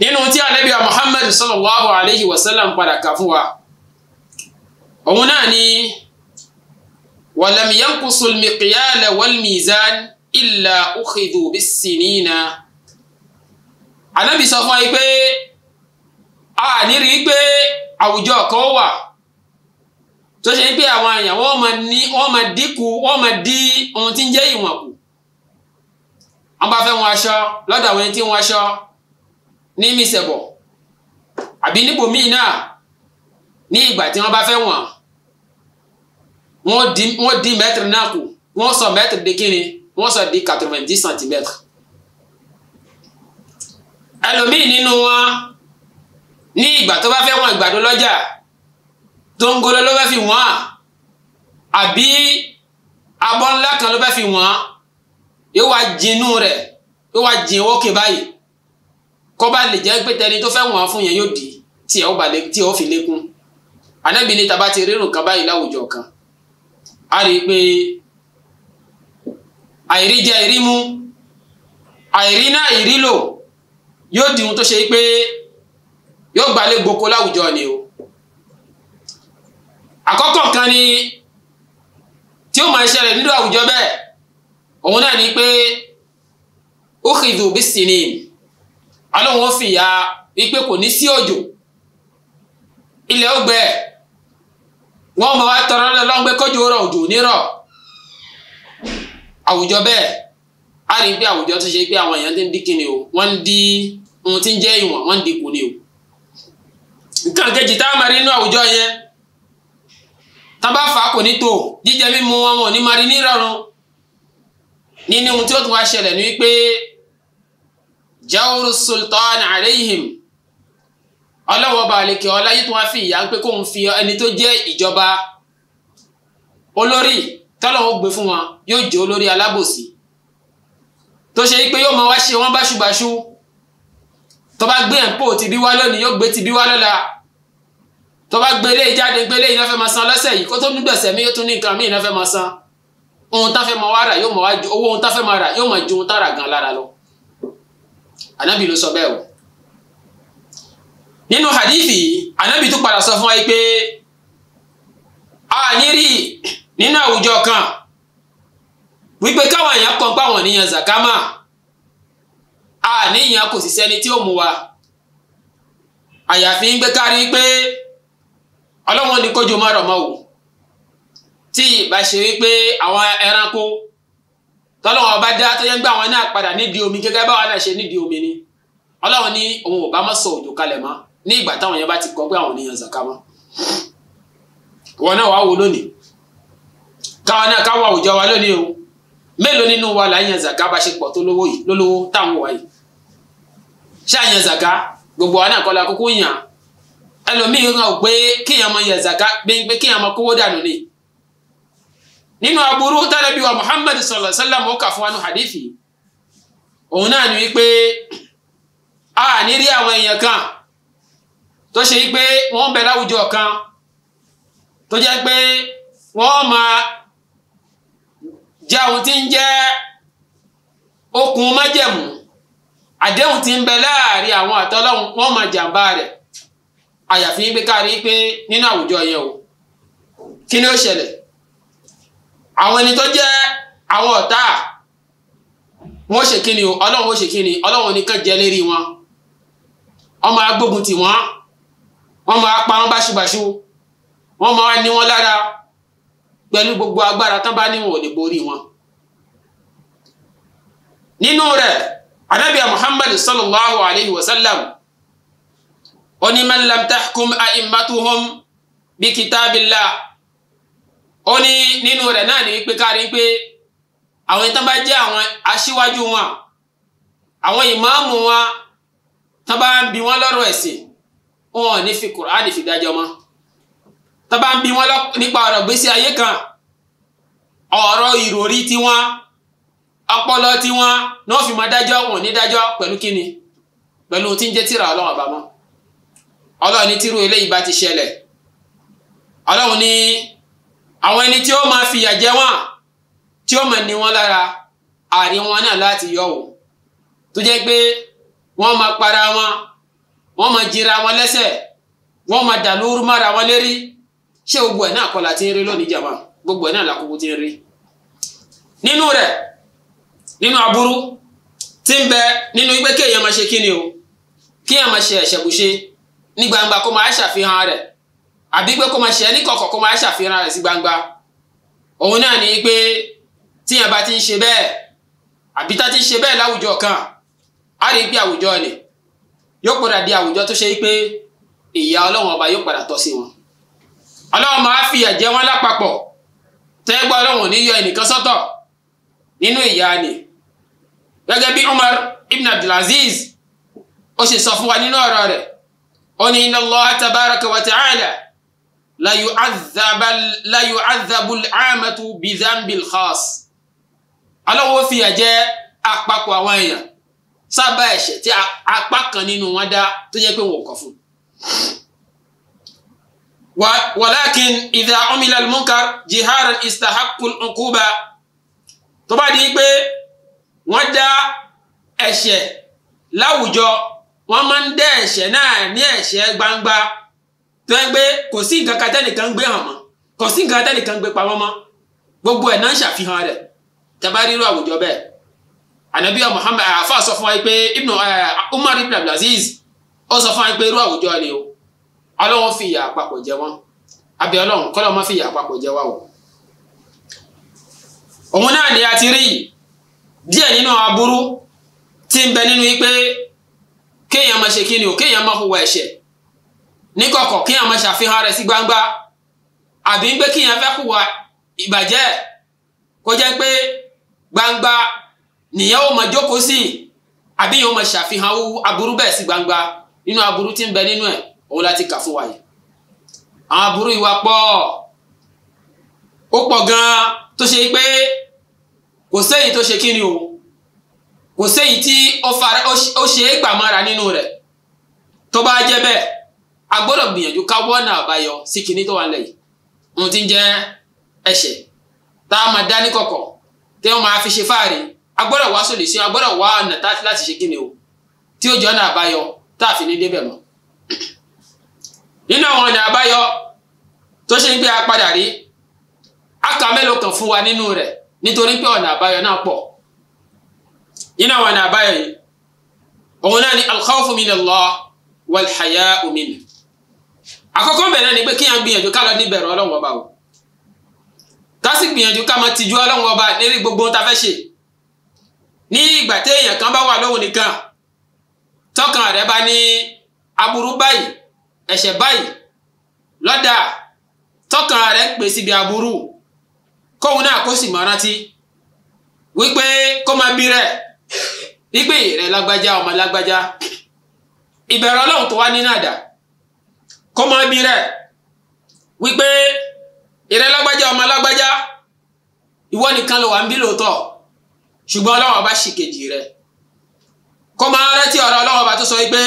nínú tí anabi wa muhammad sallallahu alayhi wa sallam padà kà fún wa òun náà ni walam yankusul miqyala wal mizan illa ukhidhu bis sinina anabi sọ fún wa pé a ní pé àwùjọ kan wà tó ṣe pé àwọn èèyàn wọ́n máa dínkù wọ́n máa dí ohun tí ń jẹ́ ìwọ̀n kù wọ́n bá fẹ́ wọn aṣọ lọ́dọ̀ àwọn ẹni tí wọ́n aṣọ ní mísẹ̀bọ̀ àbí nípò míì náà ní ìgbà tí wọ́n bá fẹ́ wọn wọ́n di mẹ́tìrì náà kù wọ́n sọ mẹ́tìrì di kíni wọ́n sọ di quatre-vingt-dix centimètres ẹlòmíì nínú wọn ní ìgbà tó bá fẹ́ wọn ìgbàdo lọ́jà tó ń golo ló fẹ́ fi wọ́n àbí abọ́ ńlá kan ló fẹ́ fi wọ́n yóò wá jinú rẹ̀ yóò wá jin wọ́kè báyìí kọ́ba lè jẹ́ pé tẹni tó fẹ́ wọ̀n fún yẹn yóò di tí ẹ̀ ó ba lé tí ẹ̀ ó fi lékún anábì ní taba ti rírun kan báyìí láwùjọ kan a rí i pé àìrí jẹ àìrí mu àìrí náà àìrí lò yóò di ohun tó ṣe pé yóò gbalé gboko láwùjọ ni o àkọ́kọ́ kan ni tí ó máa ṣẹlẹ̀ nínú àwùjọ bẹ́ẹ̀. òun náà ni pé ukhidhu bis-sinin alóhùn fìyà wípé kò ní sí òjò ilẹ̀ ó gbẹ wọ́n mọ̀ wá tọrọ lọ́gbẹ́ kọ́jú rọ̀ òjò nírọ̀ àwùjọ bẹ́ẹ̀ a rí pé àwùjọ tó ṣe pé àwọn èèyàn ti ń dín o wọ́n ń di ohun tí ń jẹ́ ìwọ̀n wọ́n ń ni o nǹkan kejì tá a máa rí inú àwùjọ yẹn tá a bá fà á kò ní tó jíjẹ mímu wọn wọn ò ní nínú ohun tí ó tún wá ṣẹlẹ̀ ni wípé jawru sultan alayhim ọlọ́wọ́ balẹ̀kì ọláyé tó wá fi ìyá ń pé kóun fi ẹni tó jẹ́ ìjọba olórí tọ́lọ́wọ́ gbé fún wọn yóò jẹ́ olórí alábòsí tó ṣe pé yóò máa wá ṣe wọ́n báṣubàṣu tó bá gbé ẹ̀ǹpò ti bí wá lónìí yóò gbé ti bí wá lọ́la tó bá gbélé jáde gbélé iná máa san lọ́sẹ̀ yìí kó tó nígbẹ̀sẹ̀ mi yóò tún ní nǹkan mi iná máa san ohun tá fẹ́ máa wá rà yóò máa wá ju owó ohun tá fẹ́ máa rà yóò máa ju ohun tá rà gan lára lọ anabi ló sọ bẹ́ẹ̀ o nínú hadithi anabi tún padà sọ fún wa pé a ní rí nínú àwùjọ kan wípé káwọn èèyàn kan pa àwọn ènìyàn zakama a níyàn kò sì sẹ́ni tí ó mú wa àyàfi ń gbé kárí pé ọlọ́wọ́n ní kójú má rọ̀ mọ́ o tí ìbá ṣe wípé àwọn ẹranko tọ́lọ́wọ́n bá dá tó yẹn gbà wọn náà padà nídìí omi gẹ́gẹ́ báwa náà ṣe nídìí omi ni ọlọ́run ní òun ò bá mọ́ sọ òjò kalẹ̀ mọ́ ní ìgbà táwọn yẹn bá ti kọ́ pé àwọn oníyan zaka mọ́ wọn náà wàá wo lónìí káwọn náà káwọn àwùjọ wa lónìí o mélòó nínú wa là ń yan zaka bá ṣe pọ̀ tó lówó yìí lólówó táwọn wà yìí ṣáà yan zaka gbogbo wa náà kọ́lá kúkú yàn ẹlòmíì ń hàn pé kéèyàn máa yan zaka pé kéèyàn máa kówó dànù ni nínú aburú tánàbí wa Muhammad sallallahu alaihi wasallam ó kà fún wa hadithi òun náà ni wípé a ní rí àwọn èèyàn kan tó ṣe wípé wọ́n ń bẹ láwùjọ kan tó jẹ́ pé wọ́n máa jẹ́ ohun tí ń jẹ́ okùn májẹ̀mú àdéhùn tí ń bẹ láàrin àwọn àtọ́lọ́hún wọ́n máa jàǹbá rẹ̀ àyàfi pé ká pé nínú àwùjọ yẹn o kí ni ó ṣẹlẹ̀ àwọn ẹni tó jẹ́ àwọn ọ̀tá wọ́n ṣe kíni o ọlọ́run ó ṣe kíni ọlọ́run nìkan jẹ́ lérí wọn wọ́n máa gbógun tì wọ́n wọ́n máa pa wọ́n báṣubàṣu wọ́n máa ní wọ́n lára pẹ̀lú gbogbo agbára tán bá níwọ̀n ò lè borí wọn. nínú rẹ̀ anabiya muhammad sallallahu alayhi wa sallam onímọ̀ lam tahkum a'immatuhum bi kitabillah ó ní nínú rẹ̀ náà ní pé kárí pé àwọn ìtàn bá jẹ́ àwọn aṣíwájú wọn àwọn ìmáàmù wọn tán bá ń bi wọn lọ́rọ̀ ẹ̀sìn wọn ò ní fi kùránì fi dájọ́ mọ́ tán bá ń bi wọn nípa ọ̀rọ̀ gbèsè ayé kan ọ̀rọ̀ ìròrí tiwọn ọpọlọ tiwọn ní fi máa dájọ́ wọn ní dájọ́ pẹ̀lú kíni pẹ̀lú tí ń jẹ́ tìrà ọlọ́run àbámọ́ ọlọ́run ní tírú eléyìí bá ti ṣẹlẹ̀ ọlọ́run ní àwọn ẹni tí ó máa fìyà jẹ wọn tí ó máa ní wọn lára àrí wọn náà láti yọ wò tó jẹ́ pé wọ́n máa para wọn wọ́n máa jira wọn lẹ́sẹ̀ wọ́n máa dà lóru mára wọn lérí ṣé gbogbo ẹ̀ náà kọ́ la ti ń rí lónìí jàmá gbogbo ẹ̀ náà làkókò ti ń rí nínú rẹ̀ nínú aburú tí ń bẹ nínú pé kéèyàn máa ṣe kí o kéèyàn máa ṣe ẹ̀ṣẹ̀bùṣe ní gbangba kó máa ṣàfihàn rẹ̀ àbí pé kó máa ṣe ẹni kọ̀ọ̀kan kó máa ṣàfihàn rẹ̀ sí gbangba òun náà ni pé tíyẹn bá ti ń ṣe bẹ́ẹ̀ àbí tá ti ń ṣe bẹ́ẹ̀ láwùjọ kan á rí pé àwùjọ ni yóò padà di àwùjọ tó ṣe pé ìyà ọlọ́run ọba yóò padà tọ́ sí wọn ọlọ́run máa fi ìyà jẹ wọn lápapọ̀ tẹ́gbọ́ ọlọ́run ò ní yọ ẹnìkan sọ́tọ̀ nínú ìyà ni gẹ́gẹ́ bí Umar ibn Abdulaziz ó ṣe sọ fún wa nínú ọ̀rọ̀ rẹ̀ ó ní inna Allah tabaraka wa ta'ala la yu'adhabu al-'amatu bi dhanbil khas aláwọ̀ fìyà jẹ́ àpapọ̀ àwọn èèyàn sábà ẹ̀ṣẹ̀ tí apá kan nínú wọn dá tó jẹ́ pé wọn kọ̀ fún. walakin idha umila al-munkar jiharan istahaqqu al-'uquba tó bá di pé wọ́n dá ẹ̀ṣẹ̀ láwùjọ wọ́n máa ń dá ẹ̀ṣẹ̀ náà ní ẹ̀ṣẹ̀ gbangba tó yẹ pé kò sí nǹkan kan tẹ́nìkan ń gbé hàn mọ́ kò sí nǹkan tẹ́nìkan ń gbé pamọ́ mọ́ gbogbo ẹ̀ náà ń ṣàfihàn rẹ̀ tabari irú àwùjọ bẹ́ẹ̀ anabi muhammed afa sọ fún wa pé ibnu umar ibn abdulaziz ó sọ fún wa pé irú àwùjọ ni o ọlọ́wọ́n fi ìyà àpapọ̀ jẹ wọ́n abẹ́ ọlọ́run kọ́lọ́ má fi ìyà àpapọ̀ jẹ wá o òun náà ni a ti rí díẹ̀ nínú aburú tí ń bẹ nínú yí pé kéèyàn máa ṣe kí ni o kéèyàn máa hùwà ẹ̀ṣẹ̀ níkọ̀kọ̀ kí máa ṣàfihàn rẹ̀ sí gbangba àbí ń kí kíyàn fẹ́ hùwà ìbàjẹ́ kó jẹ́ pé gbangba nìyẹn ó máa jókòó sí àbí yẹn ó máa ṣàfihàn aburú bẹ́ẹ̀ sí gbangba nínú aburú tí ń bẹ nínú ẹ̀ òun láti kà fún wa yìí àwọn aburú ìwà pọ̀ ó pọ̀ gan-an tó ṣe pé kò séyìí tó ṣe kí ni o kò séyìí tí ó ṣe é gbàmọ́ra nínú rẹ̀ tó bá jẹ́ bẹ́ẹ̀. a gbọ́dọ̀ gbìyànjú ká wọ́nà àbáyọ sí kinní tó wà nílẹ̀ yìí ohun tí ń jẹ́ ẹ̀ṣẹ̀ tá a máa dá ní kọ̀kọ̀ tí wọ́n máa fi ṣe fáàrí a gbọ́dọ̀ wá sòlè sí a gbọ́dọ̀ wá ọ̀nà láti ṣe kíni o tí ó jẹ́ ọ̀nà àbáyọ tá a fi ní débẹ̀ mọ́. nínú àwọn ọ̀nà àbáyọ tó ṣe ń gbé apádà rí a mélòó kan fún wa nínú rẹ̀ nítorí pé ọ̀nà àbáyọ náà pọ̀ nínú àwọn ọ̀nà àbáyọ yìí òun náà ni al-khawfu min Allah wal-haya'u àkọ́kọ́ bẹ̀rẹ̀ ni pé kí yẹn gbìyànjú ká lọ níbẹ̀rù ọlọ́run ọba o ká sì gbìyànjú ká máa tijú ọlọ́run ọba lérí gbogbo ohun tá a fẹ́ ṣe ní ìgbà téèyàn kan bá wà lóhùn nìkan tọkàn rẹ bá ní aburú báyìí ẹ̀ṣẹ̀ báyìí lọ́dà tọkàn rẹ pè síbi aburú kóhun náà kó sì máa rántí wípé kó máa bí rẹ wípé rẹ lágbájá ọmọ lágbájá ìbẹ̀rù ọlọ́run tó wá nínú àdá kọ́mọ ẹbí rẹ̀ wípé ìrẹ́ lágbájá ọmọ lágbájá ìwọ nìkan ló wà ń bí lóòótọ́ ṣùgbọ́n ọlọ́wọ́n bá ṣì kejì rẹ̀ kọ́mọ rántí ọ̀rọ̀ ọlọ́wọ́n bá tó sọ wípé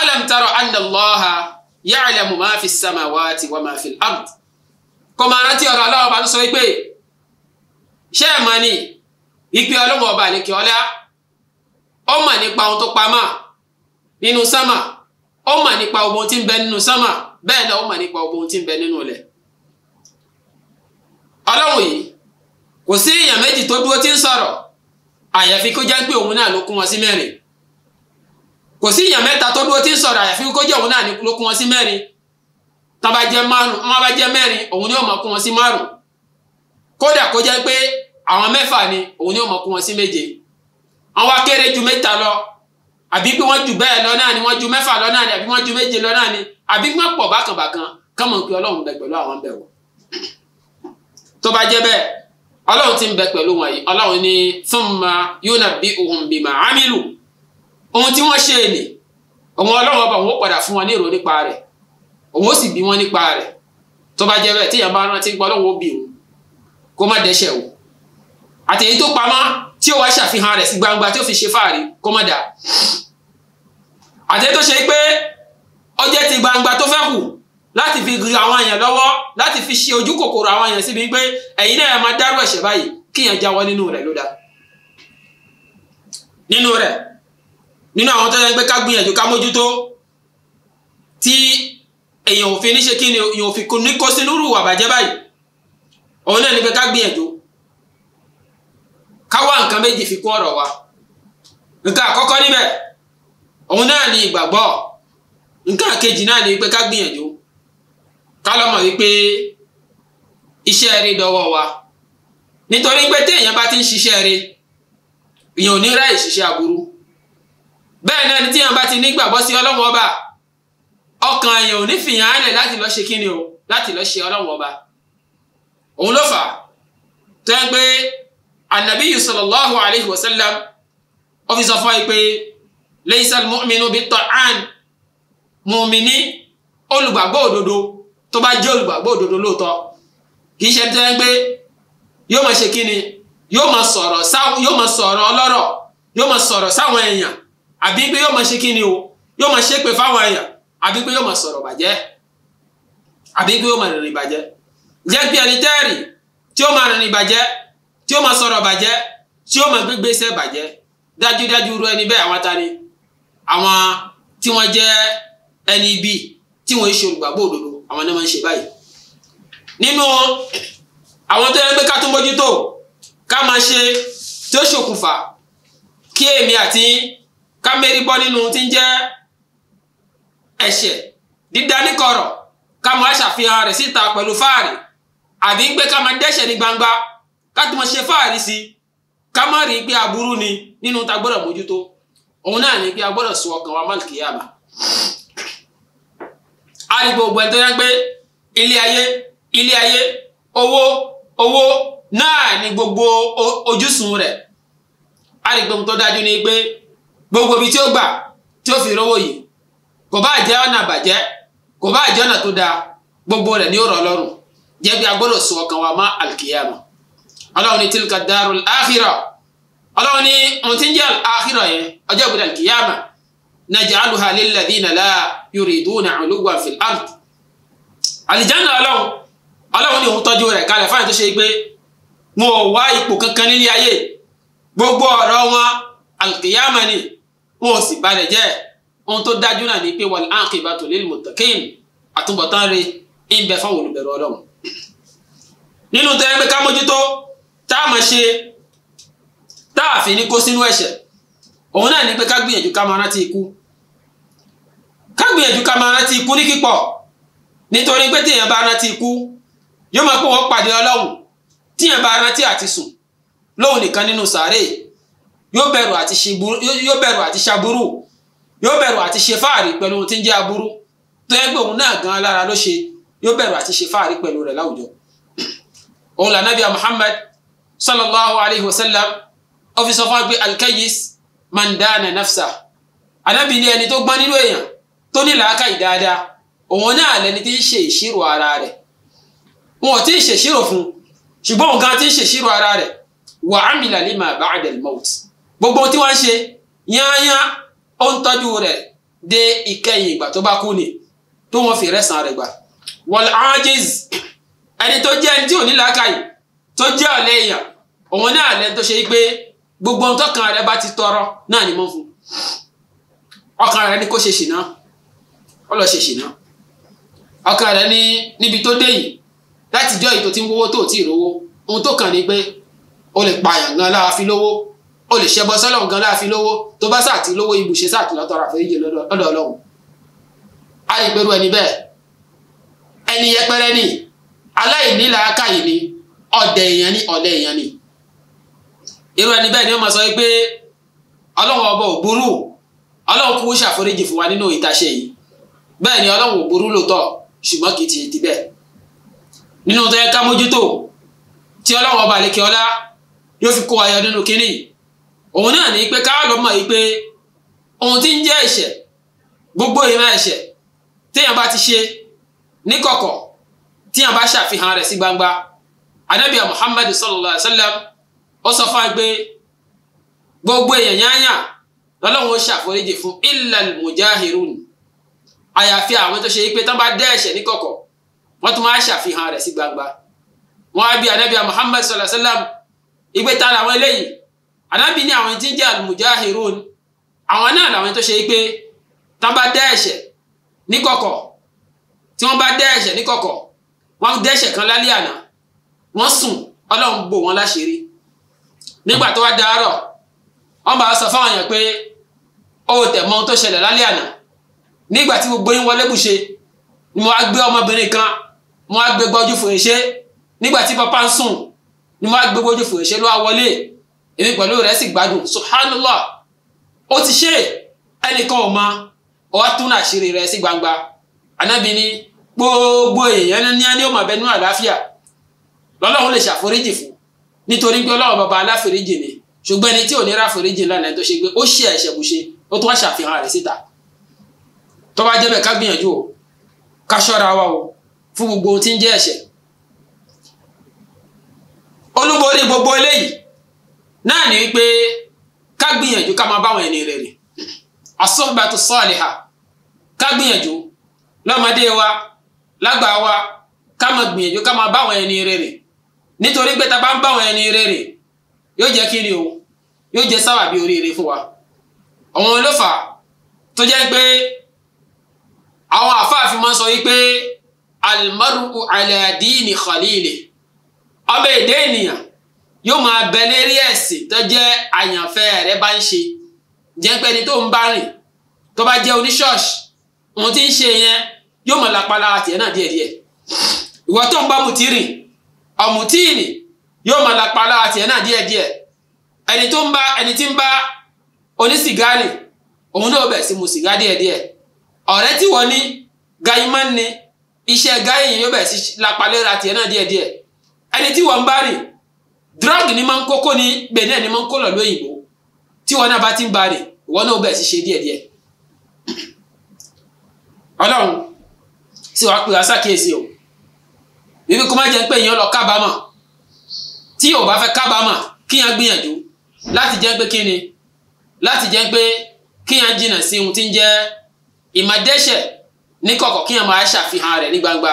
alam tara anna Allaha ya'lamu ma fi samawati wa ma fi al-ard kọ́mọ rántí ọ̀rọ̀ ọlọ́wọ́n bá tó sọ wípé ṣé ìpè ọlọ́wọ́n ọba àlekè ọlá ọmọ nípa ohun tó pamọ́ nínú sámà ó mà nípa ogun tí ń bẹ nínú sánmà bẹ́ẹ̀ náà ó mà nípa ogun tí ń bẹ nínú ilẹ̀ ọlọ́run yìí kò sí èèyàn méjì tó dúró tí ń sọ̀rọ̀ àyàfi kó jẹ́ pé òun náà ló kún wọn sí mẹ́rin kò sí èèyàn mẹ́ta tó dúró tí àyàfi kó jẹ́ òun náà ló sí mẹ́rin bá jẹ́ márùn bá jẹ́ ni ó kún wọn sí márùn kódà kó jẹ́ pé àwọn ni òun ni ó kún wọn sí àbí pé wọ́n ju bẹ́ẹ̀ lọ náà ni wọ́n ju mẹ́fà lọ náà ni àbí wọ́n ju méje lọ náà ni àbí wọ́n pọ̀ bákànbákan kọ́mọ̀ pé ọlọ́run bẹ pẹ̀lú àwọn bẹ̀ wọ̀ tó bá jẹ́ bẹ́ẹ̀ ọlọ́run ti ń bẹ pẹ̀lú wọn yìí ọlọ́run ní thumma yunabbi'uhum bima amilu ohun tí wọ́n ṣe ni òun ọlọ́run ọba òun ó padà fún wọn ní ìrò nípa rẹ̀ òun ó sì bí wọn nípa rẹ̀ tó bá jẹ́ bẹ́ẹ̀ tíyẹn bá rántí gbọ́ ọlọ́run ó bì òun kó má dẹ́ṣẹ̀ wò àtẹ̀yí tó pamọ́ tí ó wá ṣàfihàn rẹ̀ sí gbangba tí ó fi ṣe fáàrí kọ́mọ́dà àtẹ́ tó ṣe pé ọjẹ́ ti gbangba tó fẹ́ kù láti fi gbi àwọn èèyàn lọ́wọ́ láti fi ṣe ojú kòkòrò àwọn èèyàn síbi pé ẹ̀yin náà máa dárú ẹ̀ṣẹ̀ báyìí kíyàn jáwọ́ nínú rẹ̀ ló dáa nínú rẹ̀ nínú àwọn tó yẹ pé ká gbìyànjú ká mójútó tí èèyàn òfin ní ṣe kí ni èèyàn òfin kò ní kó sínú rúwà bàjẹ́ báyìí òun náà ní pé ká gbìyànjú káwá nǹkan méjì fi kún ọ̀rọ̀ wa nǹkan àkọ́kọ́ níbẹ̀ òun náà ni ìgbàgbọ́ nǹkan kejì náà ni pé ká gbìyànjú ká lọ́mọ wípé iṣẹ́ rẹ dọwọ́ wa nítorí pé téèyàn bá ti ń ṣiṣẹ́ rẹ èèyàn ò ní ráyè ṣiṣẹ́ aburú bẹ́ẹ̀ náà ni téèyàn bá ti ní gbàgbọ́ sí ọlọ́run ọba ọkàn èèyàn ò ní fìyàn ánẹ̀ láti lọ́ọ́ ṣe kíni o láti lọ́ọ́ ṣe ọlọ́run ọba òun ló fà á tó yẹ pé anabi sallallahu alayhi wa sallam ó fi sọ fún wa pé leisal mu'minu bi ta'an mu'mini olùgbàgbọ́ òdodo tó bá jẹ́ olùgbàgbọ́ òdodo lóòótọ́ kì í ṣe tó yẹ pé yóò máa ṣe kí ni yóò máa sọ̀rọ̀ yóò máa sọ̀rọ̀ ọlọ́rọ̀ yóò máa sọ̀rọ̀ sáwọn èèyàn àbí pé yóò máa ṣe kí ni o yóò máa ṣépè fáwọn èèyàn àbí pé yóò máa sọ̀rọ̀ bàjẹ́ àbí pé yóò máa rìnrìn bàjẹ́ jẹ́ pé ẹni tẹ́rì tí ó máa rìnrìn bàjẹ́ tí ó máa sọ̀rọ̀ bàjẹ́ tí ó máa gbégbé iṣẹ́ bàjẹ́ dájúdájú ru ẹni bẹ́ẹ̀ àwọn tani àwọn tí wọ́n jẹ́ ẹni ibi e tí wọ́n ṣe olùgbàgbọ́ òdodo àwọn náà máa ń ṣe báyìí nínú àwọn tó yẹ pé ká tún bójútó ká máa ṣe tó ṣokùnfà kí èmi àti ká mérí bọ́ nínú tí ń jẹ́ ẹ̀ṣẹ̀ dídá níkọ̀rọ̀ ká máa ṣàfihàn rẹ̀ síta pẹ̀lú fáàrí àbí ń gbé ká máa dẹ́ṣẹ̀ ní gbangba ká tó mọ ṣe fáàrí sí ká má rí i pé aburú ni nínú ta gbọ́dọ̀ mójútó òun náà ni pé a gbọ́dọ̀ sọ ọkàn wa má kì í àbá a rí gbogbo ẹni pé ilé ayé ilé ayé owó owó náà ni gbogbo ojúsùn rẹ̀ a rí gbogbo tó dájú ni pé gbogbo ibi tí ó gbà tí ó fi rówó yìí kò bá jẹ́ ọ̀nà àbàjẹ́ kò bá jẹ́ ọ̀nà tó dáa gbogbo rẹ̀ ni ó rọ̀ lọ́rùn jẹ́ bí a gbọ́dọ̀ sọ ọkàn wa má àlùkìyàmọ̀ ọlọ́run ní tilka darul akhirah ọlọ́run ní ohun tí ń jẹ́ àkírọ̀ yẹn ọjọ́ ìgbìdà kìyàmà naj'aluha lilladhina la yuriduna 'uluwwan fil ard àlìjáná ọlọ́run ọlọ́run ní òun tọ́jú rẹ̀ kalẹ̀ fáyìn tó ṣe pé wọn ò wá ipò kankan nílé ayé gbogbo ọ̀rọ̀ wọn alkiyama ni wọn ò sì balẹ̀ jẹ́ ohun tó dájú náà ni pé wal aqibatu lil muttaqin àtúbọ̀tán rẹ̀ ń bẹ fáwọn olùbẹ̀rù ọlọ́run nínú tẹ́lẹ̀ pé ká mójútó tá a máa ṣe tá a fi ní kó sínú ẹ̀ṣẹ̀ òun náà ní pé ká gbìyànjú ká máa rántí ikú ká gbìyànjú ká máa rántí ikú ní kíkọ̀ nítorí pé téèyàn bá rántí ikú yóò máa pé wọ́n pàdé ọlọ́run téèyàn bá rántí àti sùn lóhun nìkan nínú sàárè yóò bẹ̀rù àti ṣaburú yóò bẹ̀rù àti ṣe fáàrí pẹ̀lú ohun tí ń jẹ́ aburú tó yẹ pé òun náà gan lára ló ṣe yóò bẹ̀rù àti ṣe fáàrí pẹ̀lú rẹ̀ láwùjọ òun lànàbíà Muhammad sallallahu alayhi wa sallam ó fi sọ fún wa pé alkayis man dana nafsa anábì ní ẹni tó gbọ́n nínú èèyàn tó ní làákàyè dáadáa òun náà lẹni tí ń ṣe ìṣirò ara rẹ̀ wọn ò tí ì ṣèṣirò fún ṣùgbọ́n òun kan tí ń ṣèṣirò ara rẹ̀ wa amila lima ba'da al-maut gbogbo tí wọ́n ń ṣe yányán ó ń tọ́jú rẹ̀ dé ìkẹyìn ìgbà tó bá kú ni tó wọ́n fi rẹ̀sán rẹ̀ gbà wal ajiz ẹni tó jẹ́ ẹni tí ò ní làákàyè tó jẹ́ ọ̀lẹ́ èèyàn òun náà lẹ́nu tó ṣe pé gbogbo ohun tọkàn rẹ bá ti tọrọ náà ni mọ́ fún ọkàn rẹ ni kó ṣe ṣìnà ó lọ ṣe ṣìnà ọkàn rẹ ní níbi tó dé yìí láti jọ èyí tó ti ń wówó tó ti rówó ohun tó kàn ní pé o lè pààyàn gan lára fi lówó o lè ṣẹbọ sọ́lọ́run gan lára fi lówó tó bá sàtì lówó ibùṣe sàtì lọtọrọ àforíjì lọ́dọ̀ Ọlọ́run a ẹni bẹ́ẹ̀ ẹni yẹpẹrẹ ni aláìní làákàyè ni ọ̀dẹ̀ èèyàn ni ọ̀dẹ̀ èèyàn ni irú ẹni bẹ́ẹ̀ ni ọ máa sọ pé ọlọ́run ọba ò burú ọlọ́run kúkú fún wa nínú ìtaṣe yìí bẹ́ẹ̀ ni ọlọ́run ò burú ṣùgbọ́n kì ti ti bẹ́ẹ̀ nínú tó yẹ ká tí ọlọ́run ọba àlekè ọlá yóò fi kó wa yọ nínú kínní òun náà ní pé anabiya muhammad sallallahu alaihi wa sallam ó sọ fún wa pé gbogbo èèyàn yányà lọ́lọ́run ó ṣàforíjì fún illal mujahirun àyàfi àwọn tó ṣe pé tán bá dẹ́ ẹ̀ṣẹ̀ níkọ̀kọ̀ wọ́n tún máa ṣàfihàn rẹ̀ sí gbangba wọ́n á bí anabiya muhammad sallallahu alaihi wa sallam ìgbé ta làwọn eléyìí anabi ní àwọn tí ń jẹ́ almujahirun àwọn náà làwọn tó ṣe pé tán bá dẹ́ ẹ̀ṣẹ̀ níkọ̀kọ̀ tí wọ́n bá dẹ́ ẹ̀ṣẹ̀ níkọ̀kọ̀ wọ́n dẹ́ ẹ̀ṣẹ̀ kan lálẹ́ àná wọ́n sùn ọlọ́run bò wọ́n láṣìírí nígbà tó wá dàárọ̀ wọ́n bá sọ fáwọn èèyàn pé ó tẹ̀ mọ́ ohun tó ṣẹlẹ̀ lálẹ́ àná nígbà tí gbogbo yín wọlé bùṣe ni mo wá gbé ọmọbìnrin kan mo wá gbé gbọ́jú fèrèsé nígbà tí pápá ń sùn ni mo wá gbé gbọ́jú fèrèsé ló wá wọlé èmi pẹ̀lú rẹ̀ sì gbádùn subhanallah ó ti ṣe ẹnìkan ò mọ ọ wá tún àṣírí rẹ̀ sí gbangba ànábì ni gbogbo èèyàn ní ní ọmọ abẹnú àlàáfíà lọ́lọ́run lè ṣàforíjì fún nítorí pé ọlọ́run bàbá aláforíjì ni ṣùgbọ́n ẹni tí ò ní ráforíjì lánàá tó ṣe pé ó ṣe ẹ̀ṣẹ̀ bù ṣe ó tún wá ṣàfihàn rẹ̀ síta tó bá jẹ́ fún gbogbo ohun tí ń jẹ́ ẹ̀ṣẹ̀ olúborí gbogbo eléyìí náà ẹni sọ́ọ̀lìhà ká gbìyànjú lọ́mọdé wa wa nítorí pé ta bá ń bá àwọn ẹni rere yóò jẹ́ kí ni o yóò jẹ́ sábàbí oríire fún wa àwọn olófà tó jẹ́ pé àwọn àfáàfin máa ń sọ wípé almaru aladini khalili ọbẹ̀ èdè ènìyàn yóò máa bẹ lérí ẹ̀sìn tó jẹ́ àyànfẹ́ rẹ bá ń ṣe jẹ́ pé ẹni tó ń bá rìn tó bá jẹ́ oníṣọ́ọ̀ṣì òun ti ń ṣe yẹn yóò máa lápá lára tiẹ̀ náà díẹ̀díẹ̀ ìwọ tó ń bá mutí rìn àmùtíìnì yóò máa lapa lára tiẹ̀ náà díẹ̀díẹ̀ ẹni tó ń bá ẹni tí ń bá onísìgáàlì òun náà bẹ̀ sí mu sìgá díẹ̀díẹ̀ ọ̀rẹ́ tí wọ́n ní gaimán ni iṣẹ́ gáyìn yóò bẹ̀ sí lapa lára tiẹ̀ díẹ̀díẹ̀ ẹni tí wọ́n ń bá rìn drug ni máa ń kókó ni benin ẹni máa ń kó lọ lóyìnbó tí wọn náà bá ti ń ba rè wọn náà bẹ̀ sí ṣe díẹ̀díẹ̀ ọlọ́run sì wá pè wá sákèésí o ibi kó má jẹ́ pé èèyàn lọ kábàámọ̀ tí yóò bá fẹ́ kábàámọ̀ kíyàn gbìyànjú láti jẹ́ pé kí ni láti jẹ́ pé kíyàn jìnnà sí ohun tí ń jẹ́ ìmọ̀dẹ́ṣẹ̀ ní kọ̀kọ̀ kíyàn máa ṣàfihàn rẹ̀ ní gbangba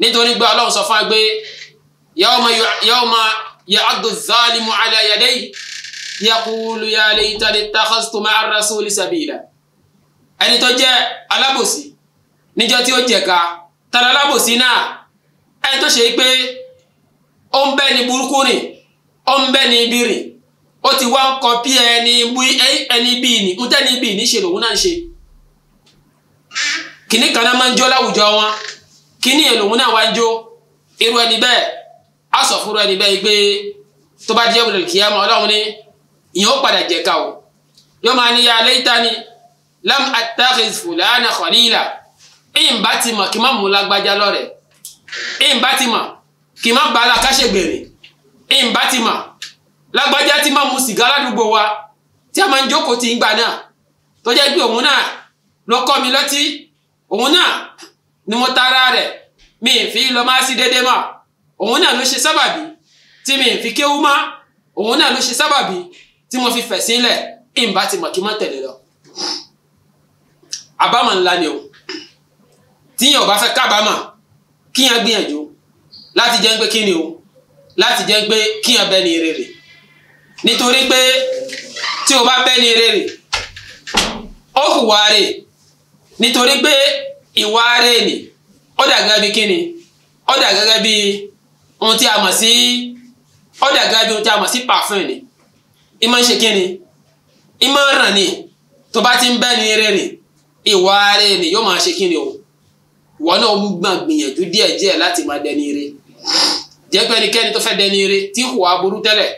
nítorí pé ọlọ́run sọ fún wa pé yawma ya'addu az-zalimu ala yadayhi yaqulu ya laytani ittakhadhtu ma'a ar-rasuli ẹni tó jẹ́ alábòsí níjọ́ tí ó jẹ̀ka tàlálábòsí náà ẹni tó ṣe pé ó ń bẹ́ ni burúkú rìn ó ń bẹ́ ni ibi rìn ó ti wá ń kọpí ẹni ẹni bíi ní ń tẹ́ni bíi ní ṣe lòun náà ń ṣe kìnnì kan náà máa ń jó láwùjọ wọn kìnnì yẹn lòun náà wá ń jó irú ẹni bẹ́ẹ̀ á sọ fúnra ẹni bẹ́ẹ̀ pé tó bá jẹ́ òbí kìí àmọ́ ọlọ́run ní ìyẹn ó padà jẹ̀ka o yóò máa ní ya laytani lam attakhiz fulana khalila ìyìn bá ti mọ̀ kí má mú lágbájá lọ́rẹ̀ẹ́ ẹ̀yìn bá ti mà kì í má gba alákàṣègbèrè ẹ̀yìn bá ti mà lágbájá tí máa mu sìgá ládùúgbò wa tí a máa ń jókòó ti ń gbà náà tó jẹ́ pé òun náà lọ́kọ́ mi lọ́tí òun náà ni mo tara rẹ̀ mi ì fi lọ máa sí déédéé mọ́ òun náà ló ṣe sábàbí tí mi ì fi kéwú mọ́ òun náà ló ṣe sábàbí tí mo fi fẹ̀ sílẹ̀ ẹ̀yìn ti mà kí n má tẹ̀lé lọ àbámọ̀ ńlá ni o tíyàn ò bá fẹ́ kábàámọ̀ kíyàn gbìyànjú láti jẹ́ pé kíni o láti jẹ́ pé kíyàn bẹ́ ní rere nítorí pé tí o bá bẹ́ ní rere ó kù nítorí pé ìwà ni ó dà gẹ́gẹ́ bí kíni ó dà gẹ́gẹ́ bí ohun tí a mọ̀ sí ó dà gẹ́gẹ́ bí a mọ̀ sí ni ìmọ̀ ń ṣe kíni ìmọ̀ ń ràn ni tó bá ti ń bẹ́ rere ni yóò o. wọn náà gbọ́n gbìyànjú díẹ̀ díẹ̀ láti máa dẹni ire jẹ́ pé ẹnikẹ́ni tó fẹ́ dẹni ire tí hùwà aburú tẹ́lẹ̀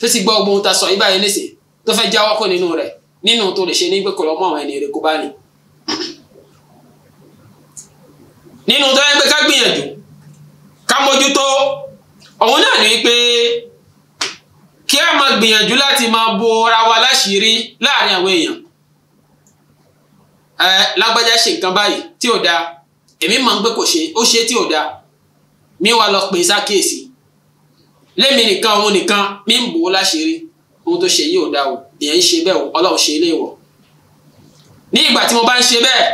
tó sì gbọ́ ogun ta sọ yín báyìí nísìn tó fẹ́ jáwọ́ kó nínú rẹ̀ nínú tó lè ṣe ní gbé kọlọ́mọ́ àwọn ẹni ire kó bá rìn nínú tó yẹ pé ká gbìyànjú ká mójútó òun náà ní pé kí a máa gbìyànjú láti máa bo ara wa láṣìírí láàrin àwọn èèyàn ẹ lágbájá ṣe nǹkan báyìí tí ò dáa èmi máa ń pé kò ṣe ó ṣe tí ò dáa mi wá lọ pè sákèsì lémi nìkan òun nìkan mi ń bò ó láṣìírí ohun tó ṣe yìí ò dáa o èèyàn ń ṣe bẹ́ẹ̀ o ọlọ́run ṣe ilé ìwọ̀ ní ìgbà tí mo bá ń ṣe bẹ́ẹ̀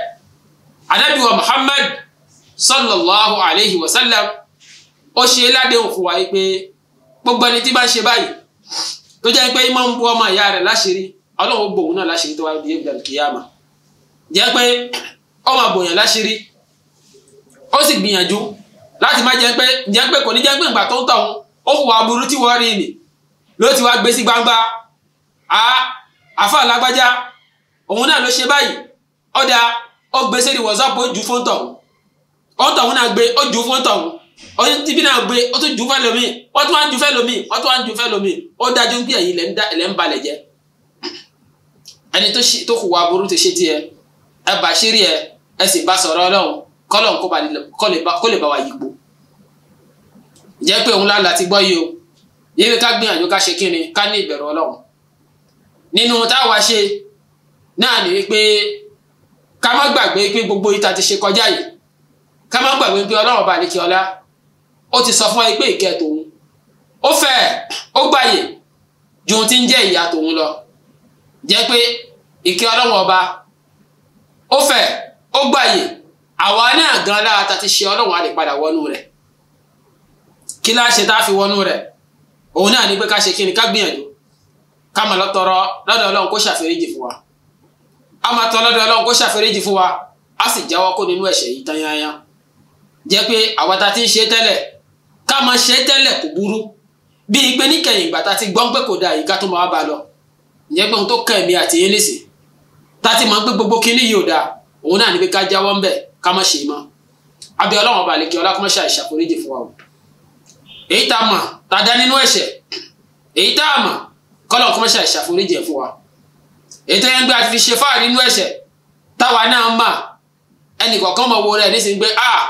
Ànábì wa Muhammad sallallahu alayhi wa sallam ó ṣe ládéhùn fún wa yìí pé gbogbo ẹni tí bá ń ṣe báyìí tó jẹ́ pé ìmọ̀ ń bu ọmọ ìyá rẹ̀ láṣìírí ọlọ́run ó bò òun náà láṣìírí tó wáyé di ẹgbẹ̀rún kìyàmà jẹ́ pé ọmọ àbòyàn láṣìírí ó sì gbìyànjú láti má jẹ́ pé jẹ́ pé kò ní jẹ́ pé ìgbà tó ń tọ̀ ń ó hùwà aburú tí wọ́n rí ni ló ti wá gbé sí gbangba a àfa lágbájá òun náà ló ṣe báyìí ọ̀dà ó gbé sí wọ́sọ̀pù ojú fún tọ̀ òun tọ̀ òun náà gbé ojú fún tọ̀ òun tíbi náà gbé ó tún jù fẹ́ lómi ó tún wá jù fẹ́ lómi ó tún wá jù fẹ́ lómi ó dájú pé ẹ̀yin lẹ́ ń balẹ̀ jẹ́ ẹni tó hùwà aburú ti ṣe tiẹ̀ ẹ bàṣírí ẹ ẹ sì bá sọ̀rọ̀ ọlọ́run kọ́lọ̀ kó lè bá wa yípo jẹ́ pé òun láńlá ti gbọ́ yìí o yíyí ká gbìyànjú ká ṣe kíni ká ní ìbẹ̀rù ọlọ́run nínú táwa ṣe náà ní wípé ká má gbàgbé pé gbogbo ìta ti ṣe kọjá yìí ká má gbàgbé pé ọlọ́run bá ní kí ọlá ó ti sọ fún ẹ pé ìkẹ́ tòun ó fẹ́ ó gbàyè ju ohun tí ń jẹ́ ìyá tòun lọ jẹ́ pé ìkẹ́ ọlọ́run ọba ó fẹ́ ó gbàyè àwa náà gan lára ta ti ṣe ọlọ́wọ́ a lè padà wọnú rẹ̀ kí láá tá a fi wọnú rẹ̀ òun náà ní pé ká ṣe kí ni ká gbìyànjú ká máa lọ lọ́dọ̀ ọlọ́run kó ṣàforíjì fún wa a máa tọ lọ́dọ̀ ọlọ́run kó ṣàforíjì fún wa a sì jáwọ́ kó nínú ẹ̀ṣẹ̀ yìí tán yányán jẹ́ pé àwa ta ti ń ṣe tẹ́lẹ̀ ká máa ṣe tẹ́lẹ̀ kò burú bíi pé níkẹyìn ìgbà tá ti gbọ́ pé kò dáa yìí ká tó máa bá lọ ǹjẹ́ pé ohun tó kàn mí àti yín lèsì tá ti máa ń pé gbogbo kinní yìí ò dáa òun náà ní pé ká jáwọ́ ń bẹ́ẹ̀ Kama má ṣe mọ́ abẹ Ọlọ́run ọba àlekè ọlá kó má ṣe àìṣàforíjì fún wa o èyí tá a mọ̀ tá a dá nínú ẹ̀ṣẹ̀ èyí tá a mọ̀ kọlọ kó má ṣe àìṣàforíjì fún wa èyí tó yẹn gbé àti fi ṣe fáàrí nínú ẹ̀ṣẹ̀ táwa náà mà ẹnì kọ̀ọ̀kan mọ̀ wo rẹ̀ nísìnyí pé ah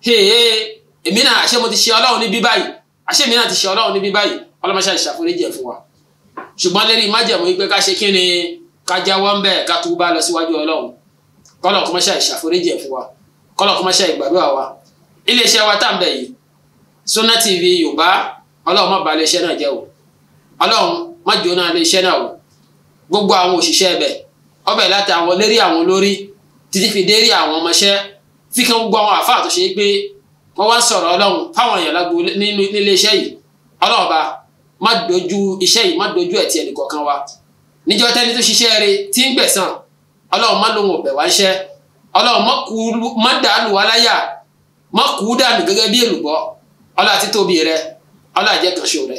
hee èmi náà àṣẹ mo ti ṣe Ọlọ́run ní báyìí àṣẹ mi náà ti ṣe Ọlọ́run ní báyìí Ọlọ́run má ṣe fún wa ṣùgbọ́n lérí májẹ̀mú yìí pé ká ṣe kí ká jáwọ́ ń bẹ̀ ká túbà lọ síwájú Ọlọ́run kọ́lọ̀ kọ́mọ́ṣà ìṣàforíjì ẹ̀ fún wa kọ́lọ̀ kọ́mọ́ṣà ìgbàdúrà wa iléeṣẹ́ wa tá à ń bẹ̀ yìí Sunna TV Yorùbá ọlọ́run má bà iléeṣẹ́ náà jẹ́ o ọlọ́run má jóná iléeṣẹ́ náà o gbogbo àwọn òṣìṣẹ́ ẹbẹ̀ ọbẹ̀ láti àwọn lérí àwọn olórí títí fi dérí àwọn ọmọṣẹ́ fi kan gbogbo àwọn àfáà tó ṣe pé wọ́n wá ń sọ̀rọ̀ fáwọn èèyàn lágbo níléeṣẹ́ yìí ọlọ́run ọba má dojú iṣẹ́ yìí má dojú ẹ̀ ti ẹnìkọ̀ọ̀kan wa níjọ́ tẹ́ni tó ṣiṣẹ́ rẹ̀ tí ń gbẹ̀san ọlọ́run má lòun ọ̀bẹ̀ wá ṣẹ́ ọlọ́run má dàánù wá láyà má kú dànù gẹ́gẹ́ bí èlùbọ́ ọlọ́run àti tóbi rẹ ọlọ́run àjẹ́ kan ṣo rẹ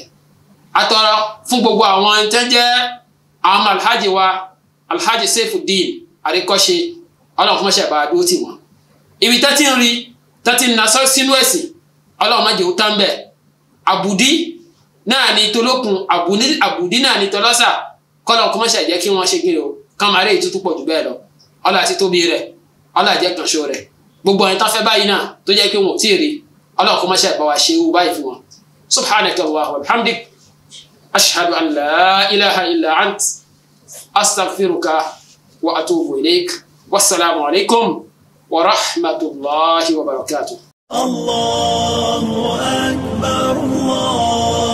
atọ́rọ fún gbogbo àwọn tẹ́ jẹ́ àwọn alhaji wa alhaji Saifuddeen àríkọ́ṣe ọlọ́run fún ọṣẹ́ àbára dúró tì wọ́n ibi tẹ́tí ń rí tẹ́tí ń nasọ́ sínú ẹ̀sìn ọlọ́run má jẹ́ òótọ́ ń bẹ̀ àbùdí náà ni tolókun àbùdí náà ni tọlọ́sà kọ́lọ́ọ̀kọ́ mọ́ṣẹ́ jẹ́ kí wọ́n ṣe gírí o kán máa rí èyí tó tún pọ̀ jù bẹ́ẹ̀ lọ ọlá àti tóbi rẹ̀ ọlá àjẹ́ kan ṣo rẹ̀ gbogbo ọ̀yìn tán fẹ́ báyìí náà tó jẹ́ pé wọn ò tí ì rí ọlá kó má bá wa ṣe irú báyìí fún wọn subhanaka allah alhamdik ashhadu an ilaha illa ant astaghfiruka wa atubu ilayk wasalaamu alaykum wa rahmatulahi wa barakatuh. الله أكبر الله